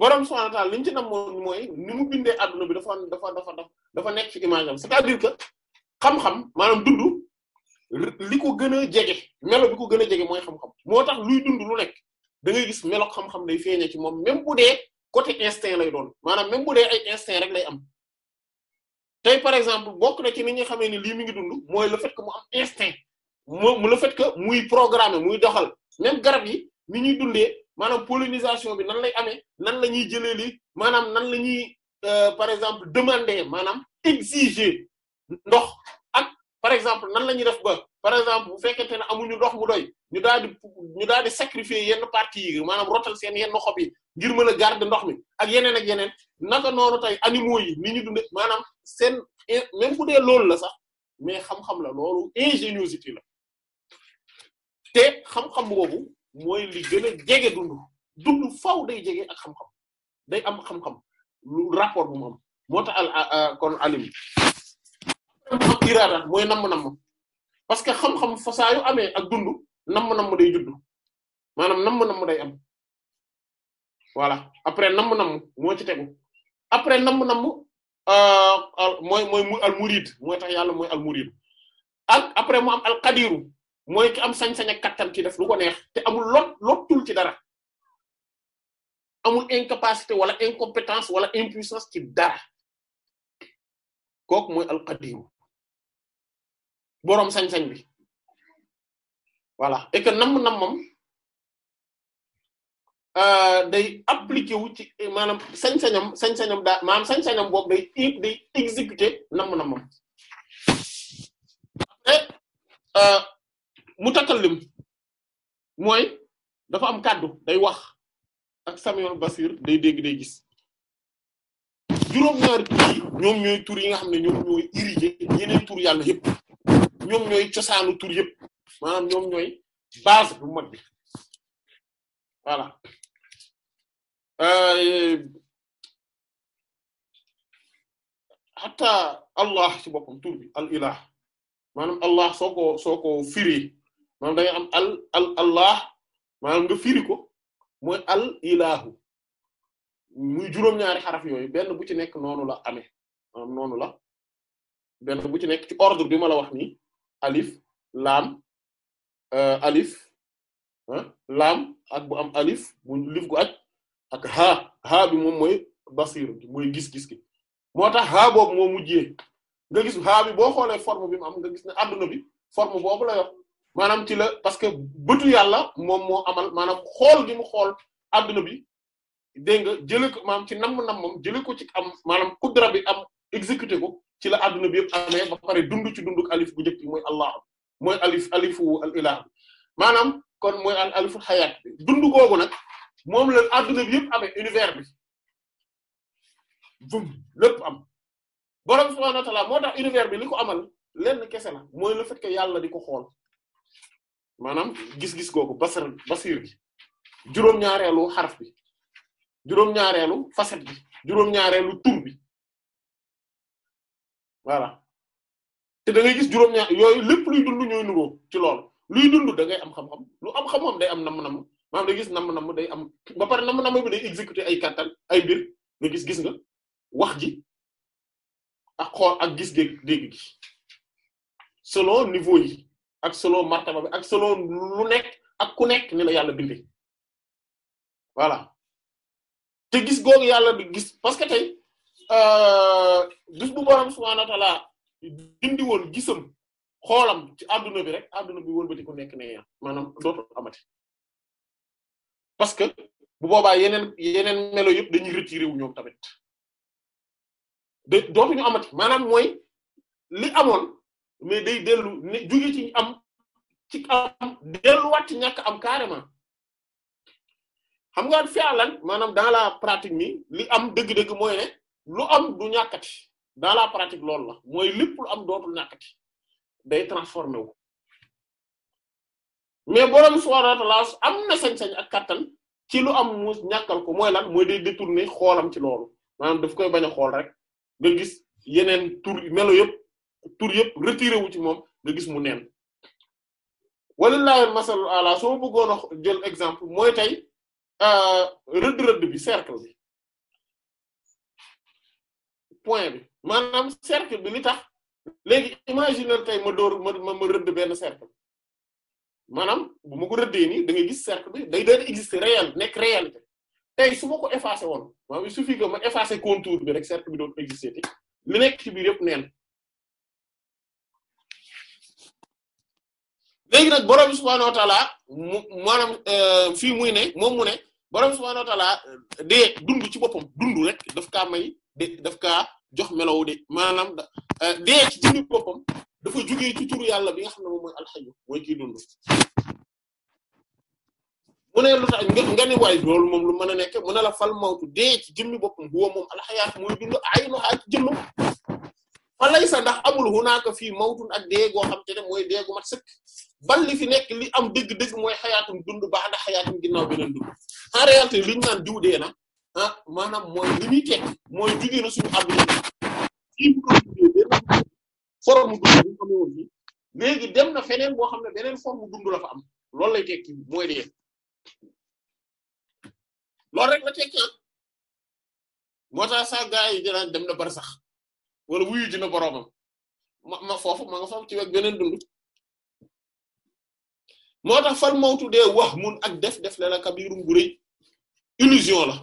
borom subhanahu wa ta'ala li ñu ci namoon mooy ni u bindee adduna bi dafa dafa dafa dafa nekk ci image am c'est-à-dire que xam-xam maanaam dund li ko gën a jege melo bi ko gën a jege mooy xam-xam moo tax luy dund lu nekk da ngay gis melo xam-xam day feeñe ci moom même bu dee. côté instinct lay doon maanaam même bu dee ay instinct rek lay am tey par exemple bokk na ci ni nga xamee ni lii mi ngi dund mooy le fait que mu am instinct mu le fait que muy programme muy doxal même garab yi ni ñuy dundee maanaam polinisation bi nan lay amee nan la ñuy jëlee lii maanaam nan la ñuy euh, par exemple demander maanaam exiger ndox par exemple nan la ñuy def ba par exemple bu fekkente ne amuñu ndox mu doy ñu daal di ñu daal di sacrifier yenn parti yi maanaam rotal seen yen xob yi ngir mën a garder ndox mi ak yeneen ak yeneen naka noonu tey animaux yi ni ñu dundee maanaam seen même bu dee loolu la sax mais xam-xam la loolu ingéniosité la te xam-xam boobu mooy li gën a jege dund dund faaw day jege ak xam-xam day am xam-xam rapport bu mu moo tax al kon alim iraadan mooy namm parce que xam-xam fa saa yu amee ak dund namm-namm day judd maanaam namm-namm day am voilà après nam namm moo ci tegu après namm-namm euh, mooy mooy mu al murid mooy tax yàlla mooy al murid ak après mu am al qadiru mooy ki am sañ-sañ ak kattan ci def lu ko neex te amul lot lottul ci dara amul incapacité wala incompétence wala impuissance ci dara kooku mooy al qadiru boroom sañ-sañ bi voilà et nam namm nammam euh, day appliqué wu ci maanaam sañ-sañam sañ-sañam daa maanaam sañ-sañam boobu day day exécuté namm nammam après euh, mu takallim mooy dafa am kàddu day wax ak Samiul Basir day dégg day gis juróom-ñaari tur yi ñoom ñooy tur nga xam ne ñoom ñooy irrigué yeneen tur yàlla ñoom ñooy cosaanu tur yëpp maanaam ñoom ñooy base bu mag bi voilà euh, hatta allah ci boppam tur bi al ilah maanaam allah soo ko soo ko firi maanaam da am al al allah maanaam nga firi ko mooy al ilahu muy juróom-ñaari xaraf yooyu benn bu ci nekk noonu la amee noonu la benn bu ci nekk ci ordre bi mala wax nii alif laam euh, alif laam ak bu am alif bu lif gu aj ak haa haa bi moom mooy basir bi mooy gis-gis gi moo tax haa boobu moo mujjee nga gis haa bi boo xoolee forme bi mu am nga gis ne adduna bi forme boobu la yor maanaam ci la parce que bëtu yàlla moom mo amal maanaam xool gi mu xool adduna bi dégg nga jëlee ko maanaam ci namm-nammam jëlee ko ci am maanaam kudra bi exécuté ko ci la adduna bi yëpp amee ba pare dund ci dunduk alif bu njëkk bi mooy allahu mooy alif alifu al ilah bi maanaam kon mooy al alifu xayaat bi dund googu nag moom la adduna bi yëpp amee univers bi dund lépp am borom subhaanahu wa ta'aala moo tax univers bi li ko amal lenn kese la mooy la fait que yàlla di ko xool maanaam gis-gis googu basir basir bi juróom-ñaareelu xaraf bi juróom-ñaareelu facette bi juróom-ñaareelu tur bi voilà te da ngay gis juróom-ñaar yooyu lépp luy dul lu ñooy nuroo ci loolu luy dund da ngay am xam-xam lu am xam-xam day am namm-namm maanaam day gis namm-namm day am ba pare namm-namm bi day exécuter ay kattan ay mbir nga gis gis nga wax ji ak xool ak gis dégg dégg gi selon niveau ak selon martaba bi ak selon lu nekk ak ku nekk ni la yàlla bindee voilà te gis googu yàlla gis parce tey Euh, bis bu borom subhaanahu wa ta'aala dindi xoolam ci adduna bi rek adduna bi wëlbati ku nekk ne yaa maanaam dootul amati parce que bu boobaa yeneen yeneen melo yëpp dañuy retiré wu ñoom tamit de dootuñu amati maanaam mooy li amoon mais day dellu ne jóge ci am ci am delluwaat ñàkk am carrément xam nga fi'lan maanaam dans la pratique ni li am dëgg-dëgg mooy ne. lu am du ñàkkati dans la pratique loolu la mooy lépp lu am dootul ñàkkati day transformé wu mais borom subhaanahu wa ta'aala am na sañ-sañ ak kattan ci lu am mu ñàkkal ko mooy lan mooy day détourner xoolam ci loolu maanaam daf koy bañ xool rek nga gis yeneen tur melo yëpp tur yëpp retiré wu ci moom nga gis mu neen walillahi masalul ala soo bëggoon a jël exemple mooy tey euh, rëdd rëdd bi cercle bi point bi maanaam cercle bi li tax léegi imaginer tey ma door ma ma rëdd benn cercle maanaam bu ma ko rëddee nii da ngay gis cercle bi day doon exister réel nekk réalité tey su ma ko woon maanaam il suffit que ma effacer contour bi rek cercle bi doon exister te li nekk ci biir yëpp neen léegi nag borom bi subhaanahu ta'ala mu maanaam euh, fii muy ne moom mu ne borom bi subhaanahu wa ta'ala euh, de dund ci boppam dund rek daf kaa may de daf kaa jox melow de maanaam da euh, dee ci boppam dafa jugee ci turu yàlla bi nga xam ne moom mooy alxayu mooy kiy dund mu ne moom lu mën a nekk mu ne la fal mawtu dee ci jëmmi boppam huwa moom alxayaat mooy dund aynu xaaj jëmmam fa lay sa ndax amul hunaaka fii mawtun ak dee goo xam te ne mooy dee gu mat sëkk bal li fi nekk li am dëgg-dëgg mooy xayaatum dund baax na xayaatum ginnaaw beneen dund en réalité liñ naan diw dee na ah maanaam mooy li muy tekki mooy jóge na suñu àdduna dem na feneen boo xam ne beneen forme dund la am loolu lay tekki mooy la tekki ah. moo tax yi dinaan dem na bar sax wala wuyu ji na boroomam ma foofu ma nga foofu ci wek beneen dund moo tax fal mawtu dee wax mun ak def def la kabirum gu rëy illusion la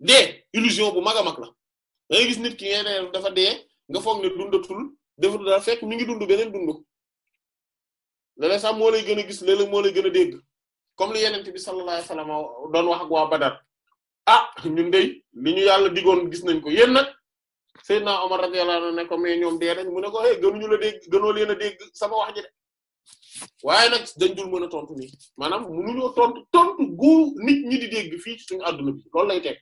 dee illusion bu mag a mag la da gis nit ki ngay dafa de nga foog ne dundatul defatul daal fekk mi ngi dund beneen dund léeg-léeg sax moo lay gën a gis léeg moo lay gën a dégg comme li yeneen bi sallallahu alayhi wasallam doon wax ak waa Badar a ah, ñun de li ñu yàlla digoon gis nañ ko yéen nag Seydina Omar radiyallahu anhu ne ko mais ñoom dee nañ mu ne ko hey eh, gënuñu la dégg gënoo leen a dégg sama wax ji de waaye nag dañ dul mën a tontu nii maanaam mënuñoo tontu tontu gu nit ñi di dégg fii ci suñu àdduna bi loolu lay teg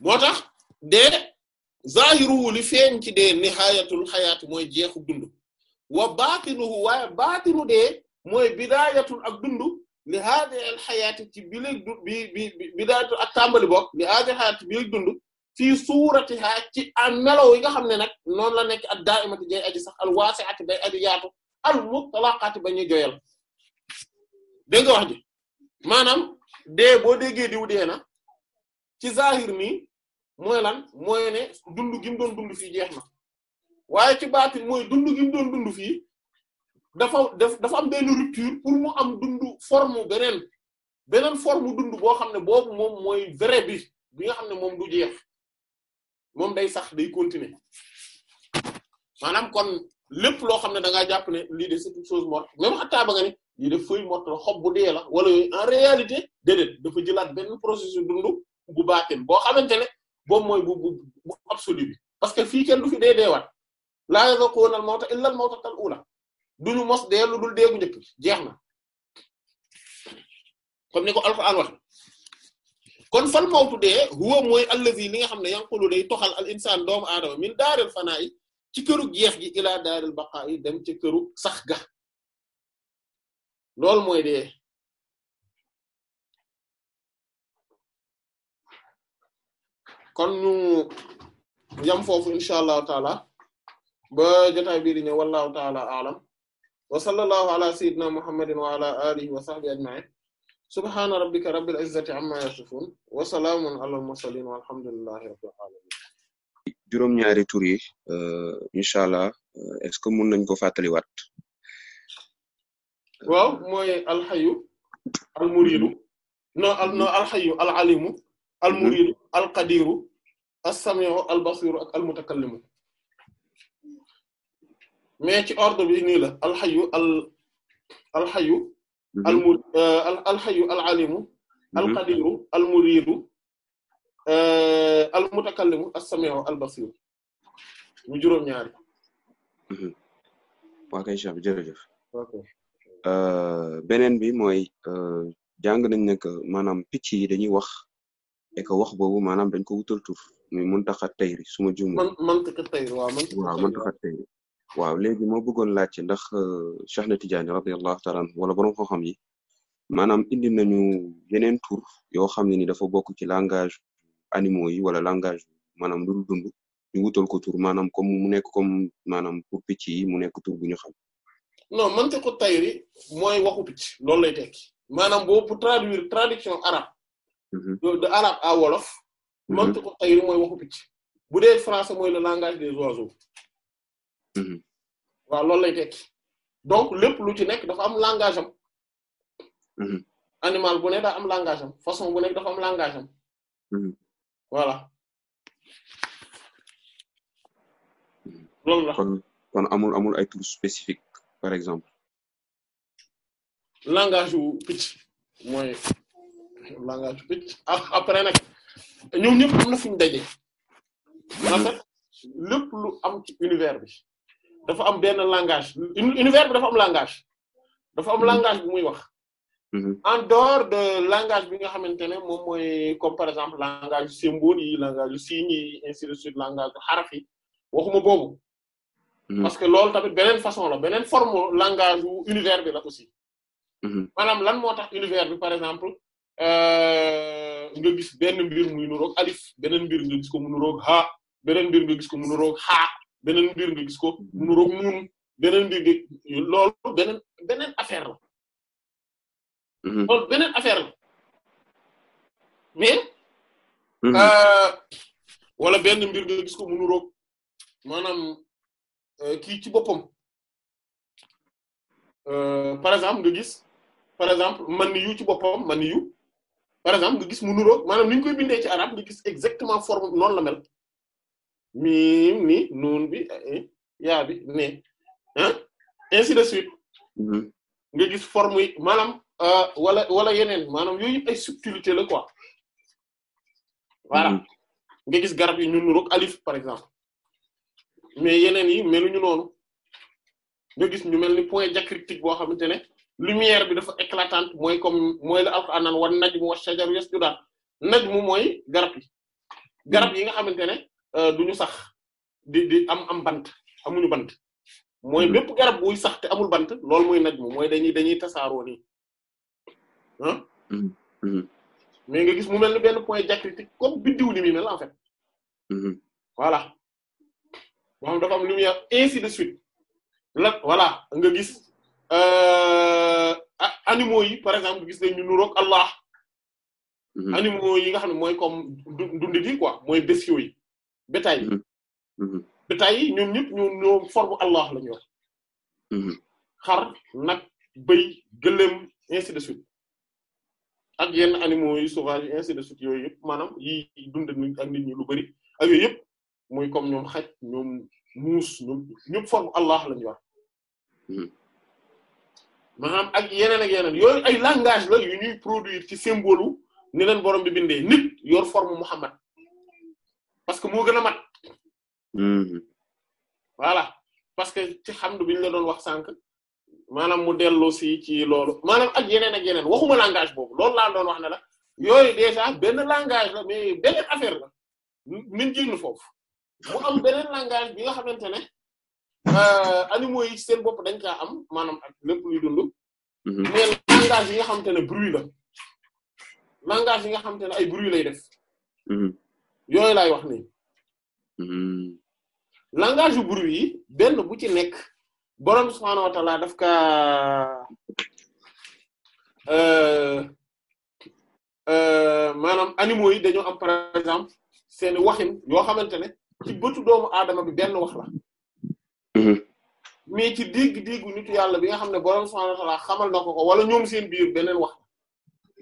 moo tax dee zahiru li feeñ ci dee nihayatul xayaati mooy jeexu dund wa baatinuhu waaye baatinu dee mooy bidaayatul ak dund li haadihi ci bileeg du bi bi bidaayatul ak tàmbali bokk li bileeg dund fii suuratiha ci a melaw yi nga xam ne nag noonu la nekk ak daa'imati day aji sax al waasi'ati day aji yaatu al mutlaqati ba ñuy joyal dégg nga wax ji maanaam dee boo déggee diw dee na ci zahir nii mooy lan mooy ne dund gi mu doon dund fii jeex na waaye ci baatin mooy dund gi mu doon dund fii dafa dafa am benn rupture pour mu am dund forme beneen beneen forme dund boo xam ne boobu moom mooy vrai bi bi nga xam ne moom du jeex moom day sax day continuer maanaam kon lépp loo xam ne da ngaa jàpp ne lii de c'est une chose morte même xataa ba nga ne lii de feuille morte xob bu dee wala yooyu en réalité déedéet dafa jëlaat benn processus dund gu baatin boo xamante ne boobu mooy bu bu bu absolu parce que fii kenn du fi dee deewaat laa yazuquuna al mawta illa al mawtatal uula duñu mos dee lu dul dee bu njëkk jeex na kom ni ko alquran wax kon fal mawtu dee huwa mooy allazi li nga xam ne yanqulu day toxal al insaan doomu aadama min daaril fanaa'i ci këru jeex gi ilaa daaril baqaa'i dem ci këru sax ga loolu mooy dee kon ñu yam foofu incha allahu taala ba jotaay bii di ñëw wallahu taala alam wa sallallahu ala sayyidina muhammadin wa ala alihi wa sahbihi ajma'in subhana rabbika rabbil izzati amma yasifun wa salaamun ala al mursalin walhamdulillahi rabbil alamin juróom-ñaari tur yi euh, incha allah euh, est-ce que mën nañ ko fàttaliwaat waaw mooy alxayu almuridu no no alxayu alalimu almuridu alqadiru as-sami'u al-basiru ak al-mutakallimu mais ci ordre bi nii la al-hayyu al al-hayyu mhm. almu euh, al alimu mhm. al-qadiru al-muridu euh, al-mutakallimu as al-basiru mu juróom ñaari mhm. waa kay Cheikh jërëjëf euh, beneen bi mooy jàng nañ ne que maanaam picc yi dañuy wax et wax boobu maanaam dañ ko tur muy Muntaxa Tayri su suma jum man Muntaxa Tayri waaw Muntaxa Tayri waaw léegi moo bëggoon laajte ndax euh, Cheikh na Tidiane radiyallahu taala anhu wala borom xam-xam yi maanaam indi nañu yeneen tur yoo xam ne ni dafa bokk ci langage animaux yi wala langage maanaam lu ñu wutal ko tur maanaam comme mu nekk comme maanaam picc yi mu nekk tur bu ñu xam. non Muntaxa Tayri lay tekki maanaam boo pour traduire mhm. wolof. mantiqu mhm. mooy waxu picc bu dee français mooy le langage des oiseaux mhm. waaw loolu lay tekki donc lépp lu ci nekk dafa am langage am mhm. animal bu ne am langage am façon bu dafa am langage am voilà loolu la kon amul amul ay tour spécifique par exemple langage wu picc mooy langage wu picc après nag ñoom ñëpp am na fu ñu daje en fait am ci univers bi dafa am benn langage univers bi dafa am langage dafa am langage bu muy wax mm-hmm. en dehors de langage bi nga xamante ne moom mooy par exemple langage symbole yi langage signe yi ainsi de suite langage xaraf yi waxuma boobu mm-hmm. parce que loolu tamit beneen façon la beneen forme langage wu univers bi la aussi mm-hmm. maanaam lan moo univers bi par exemple euh, nga gis benn mbir muy nuroog alif beneen mbir nga gis ko mu nuroog ha beneen mbir nga gis ko mu nuroog xaa beneen mbir nga gis ko mu beneen mbir nga beneen beneen affaire la. Mhm. loolu beneen affaire la mhm. euh, wala benn mbir nga gis ko mu nuroog maanaam euh, kii ci boppam euh, par exemple nga gis par exemple man yu ci boppam man par exemple nga gis mu nuroog maanaam ni ñu koy bindee ci arab nga gis exactement forme noonu la mel miim ni nuun bi eh, yaa bi ne ah ainsi de suite mhm. nga gis forme yi maanaam euh, wala wala yeneen maanaam yooyu ay subtilité la quoi voilà mhm. nga gis garab yi ñu nuroog alif par exemple mais yeneen yi meluñu noonu nga gis ñu mel ni point diacritique boo xamante ne lumière bi dafa éclatante mooy comme mooy la Alxuraan naan wan najmu wa shajaru yasjudaan najmu mooy garab yi garab yi nga xamante ne euh, du ñu sax di di am am bant amuñu bant mooy lépp hmm. garab buy sax te amul bant loolu mooy najmu mooy dañuy dañuy tasaaroo nii ah. mais nga gis mu mel ni benn point diacritique comme biddiw ni muy mel en fait. voilà boo xam dafa am lumière ainsi de suite la voilà nga gis. Euh, animaux yi par exemple gis nañ ñu nuroog Allah. Mhm. animaux yi nga xam ne mooy comme dundit yi quoi mooy bestiaux yi bétail yi. Mhm. Mhm. bétail yi ñoom ñëpp forme Allah la ñu wax. xar nag bëy gëléem ainsi de ak yenn animaux yi sauvages yi ainsi de suite yooyu yëpp maanaam yi dund ak nit ñi lu bari ak yooyu yëpp mooy comme ñoom xaj ñoom muus ñoom ñëpp forme Allah la maanaam ak yeneen ak yeneen yooyu ay langage la yu ñuy produire ci symbole ni leen borom bi bindee nit yor forme Muhammad parce que moo gën a mat. Mhm. parce que ci xam bi ñu la doon wax sànq maanaam mu dellu si ci loolu maanaam ak yeneen ak yeneen waxuma langage boobu loolu laa doon wax ne la yooyu déjà benn langage la mais beneen affaire la min jéem foofu mu am beneen langage bi nga xamante ne. Euh, animaux yi seen bopp dañ kaa am maanaam ak lépp luy dund. Mhm. yi nga xamante ne bruit la langage yi nga xamante ne ay bruit lay def. Mhm. yooyu lay wax nii. Mhm. langage yu bruit yi benn bu ci nekk borom subhaanahu wa daf ka euh, euh, maanaam animaux yi dañoo am par exemple seen waxin yoo xamante ne ci bëtu doomu aadama bi benn wax la. Mm-hmm. mais ci dégg-déggu nitu yàlla bi nga xam ne borom subhaanahu wa ta'aala xamal na ko ko wala ñoom seen biir beneen wax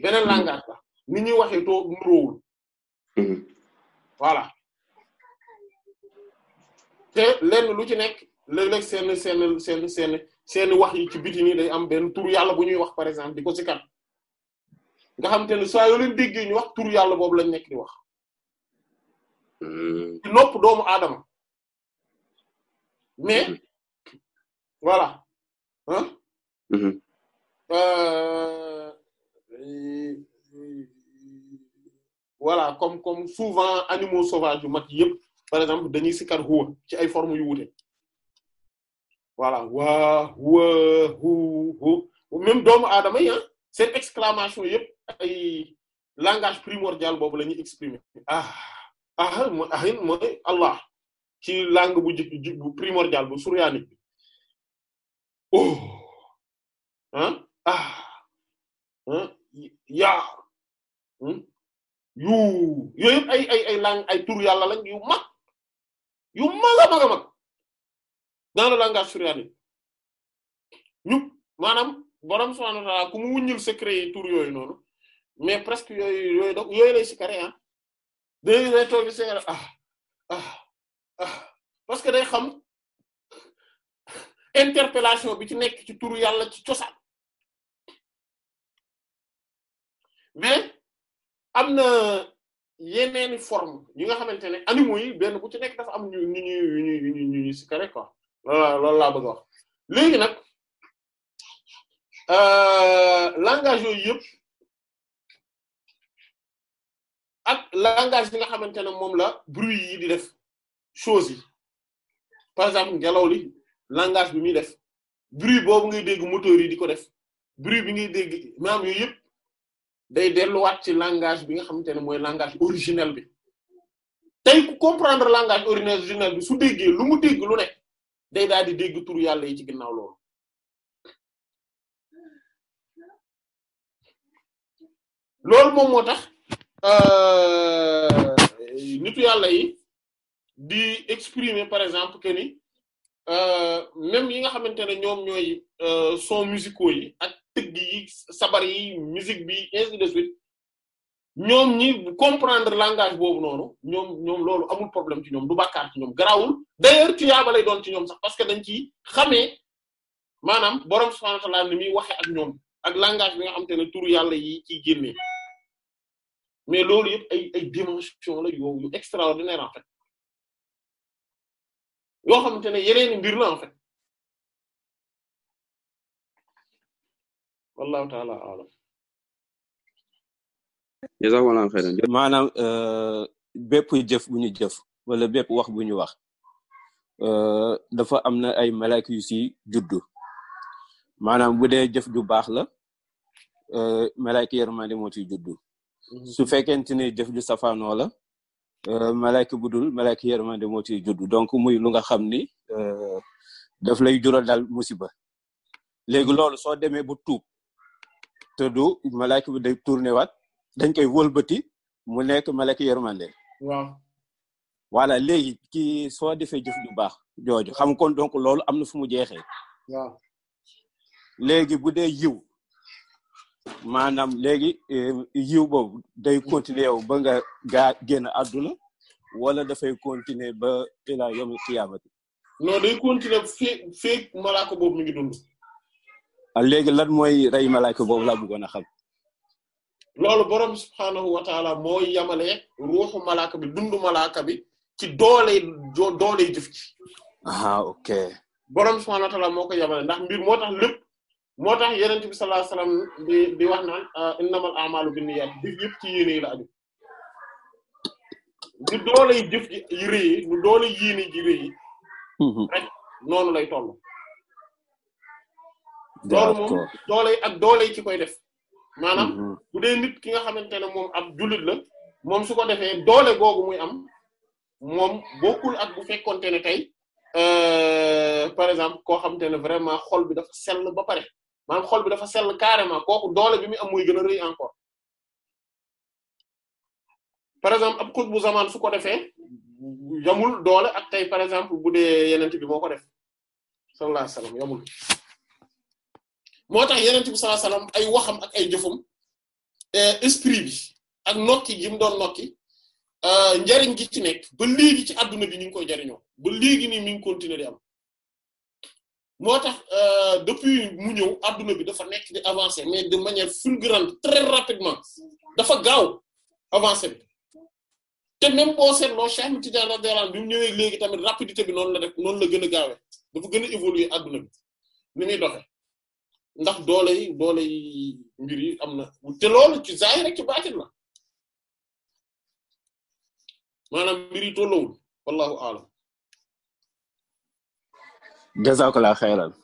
beneen mm-hmm. langage la ni ñuy waxee too nuróowul mm-hmm. voilà te lenn lu ci nekk léeg-léeg seen seen seen seen seen wax yi ci biti nii day am benn tur yàlla bu ñuy wax par exemple di ko si kan nga xam te ne saa ñu wax tur yàlla boobu lañ nekk di wax nopp doomu aadama mais mhm. voilà ah. voilà comme comme souvent animaux sauvages yu mag yëpp par exemple dañuy sikar huwa ci ay formes yu wute voilà waa huwa hu hu même doomu aadama yi seen exclamation yëpp ay langage primordial boobu la ñuy exprimer ah ah mooy ah, Allah ci langue bu jëkk bu primordial bu suryaanique bi oh ah ah ah yaa yu yooyu ay ay tur yàlla lañ yu mag yu mag a mag a mag dans le langage suryaanique borom subhaanahu wa ta'aala ku mu secret yi tur yooyu noonu mais presque yooyu yooyu lay sikare ah day day toog ah ah. parce que day xam interpellation bi ci nekk ci turu yàlla ci cosaan mais am na yeneeni forme yi nga xamante ne animaux yi bu ci nekk dafa am ñu ñu ñu ñu ñu ñu ñu sikare quoi loolu loolu laa bëgg wax léegi nag euh, langage yooyu yëpp ak langage yi nga xamante ne moom la bruit yi di def choses yi par exemple ngelaw li langage bi muy def bruit boobu ngay dégg moteur yi di ko def bruit bi ngay dégg maam yooyu yëpp day delluwaat ci langage bi nga xamante ne mooy langage originel bi tey ku comprendre langage originel bi su déggee lu mu dégg lu ne day daal di dégg tur yàlla yi ci ginnaaw loolu loolu moom moo tax euh, nitu yàlla yi di exprimer par exemple que ni euh, même yi nga xamante ne ñoom ñooy euh, son musicaux yi ak tëgg yi sabar yi musique bi ainsi de suite ñoom ñi comprendre langage boobu noonu ñoom ñoom loolu amul problème ci ñoom du bàkkaar ci ñoom garaawul d'ailleurs tuyaaba lay doon ci ñoom sax parce que dañ ci xamee maanaam borom subhaanahu wa ta'aala ni muy waxee ak ñoom ak langage bi nga xamante ne turu yàlla yi ciy génnee mais loolu yëpp ay ay dimension la yu yu extraordinaire en fait yoo xamante ne yeneeni mbir la en fait wallahu taala alam jazakumullahu khairan maanaam euh, bépp jëf bu ñu jëf wala bépp wax bu ñu wax euh, dafa am na ay malaaka yu si juddu maanaam bu dee jëf ju baax la euh, malaaka yërmande moo ci juddu mhm. su fekkente ne jëf ju safaanoo la Euh, malayka bu dul malayka yërmande moo ciy judd donc muy lu nga xam ni euh, daf lay jural daal musiba léegi loolu soo demee bu tuub te du malayka bi day tourné waat dañ koy wëlbati mu nekk malayka yërmande waaw voilà léegi ki soo defee jëf ju baax jooju xam kon donc loolu am na fu mu jeexee waaw bu dee yiw maanaam léegi eh, yiw boobu day mm-hmm. continuer yow ba nga gaa génn àdduna wala dafay continuer ba ila yawmil qiyaamati non day continuer feeg feeg malaaka boobu mi ngi dund a ah, léegi lan mooy rey malaaka boobu laa bëggoon a xam loolu boroom subhaanahu wa taala mooy yamalee ruuxu malaaka bi dund malaaka bi ci doole dooley jëf ci ah ok boroom subhaanahu wa taala moo ko yamale ndax mbir moo tax lépp moo tax yenent bi sallallahu alayhi bi di di wax naan ah, innamal a'malu binniyat jëf yëpp ci yéene yi la aju du doolay jëf ji réyi du ji réyi mhm. rek noonu lay tool loolu moom doolay ak doolay ci koy def maanaam mhm. bu dee nit ki nga xamante ne moom ab jullit la moom su ko defee doole googu muy am moom bokkul ak bu fekkonte ne tey euh, par exemple koo xamante ne vraiment xool bi dafa sell ba pare maanaam xol bi dafa sell carrément kooku doole bi muy am muy gën a rëy encore par exemple ab xutbu zamaan su ko defee yamul doole ak tey par exemple bu dee yenent bi moo ko def sallallahu alayhi wasallam yamul moo tax yenent bi sallallahu ay waxam ak ay jëfam eh, esprit bi ak nokki gi mu doon nokki eh, njariñ gi ci nekk ba léegi ci adduna bi ni ngi koy jariñoo ba léegi nii mi ngi continuer di am moo tax euh, depuis mu ñëw adduna bi dafa nekk di avancer mais de manière fulgurante très rapidement dafa gaaw avancer bi te même boo seetloo Cheikh Ahmed Tidiane radiyallahu anhu bi mu ñëwee léegi tamit rapidité bi noonu la def noonu la gën a gaawee dafa gën a évoluer adduna bi ni muy ndax doole yi doole yi mbir am na te loolu ci zaahir rek ci baatin la maanaam mbir yi tolloowul wallahu a'lam jazakallah xayran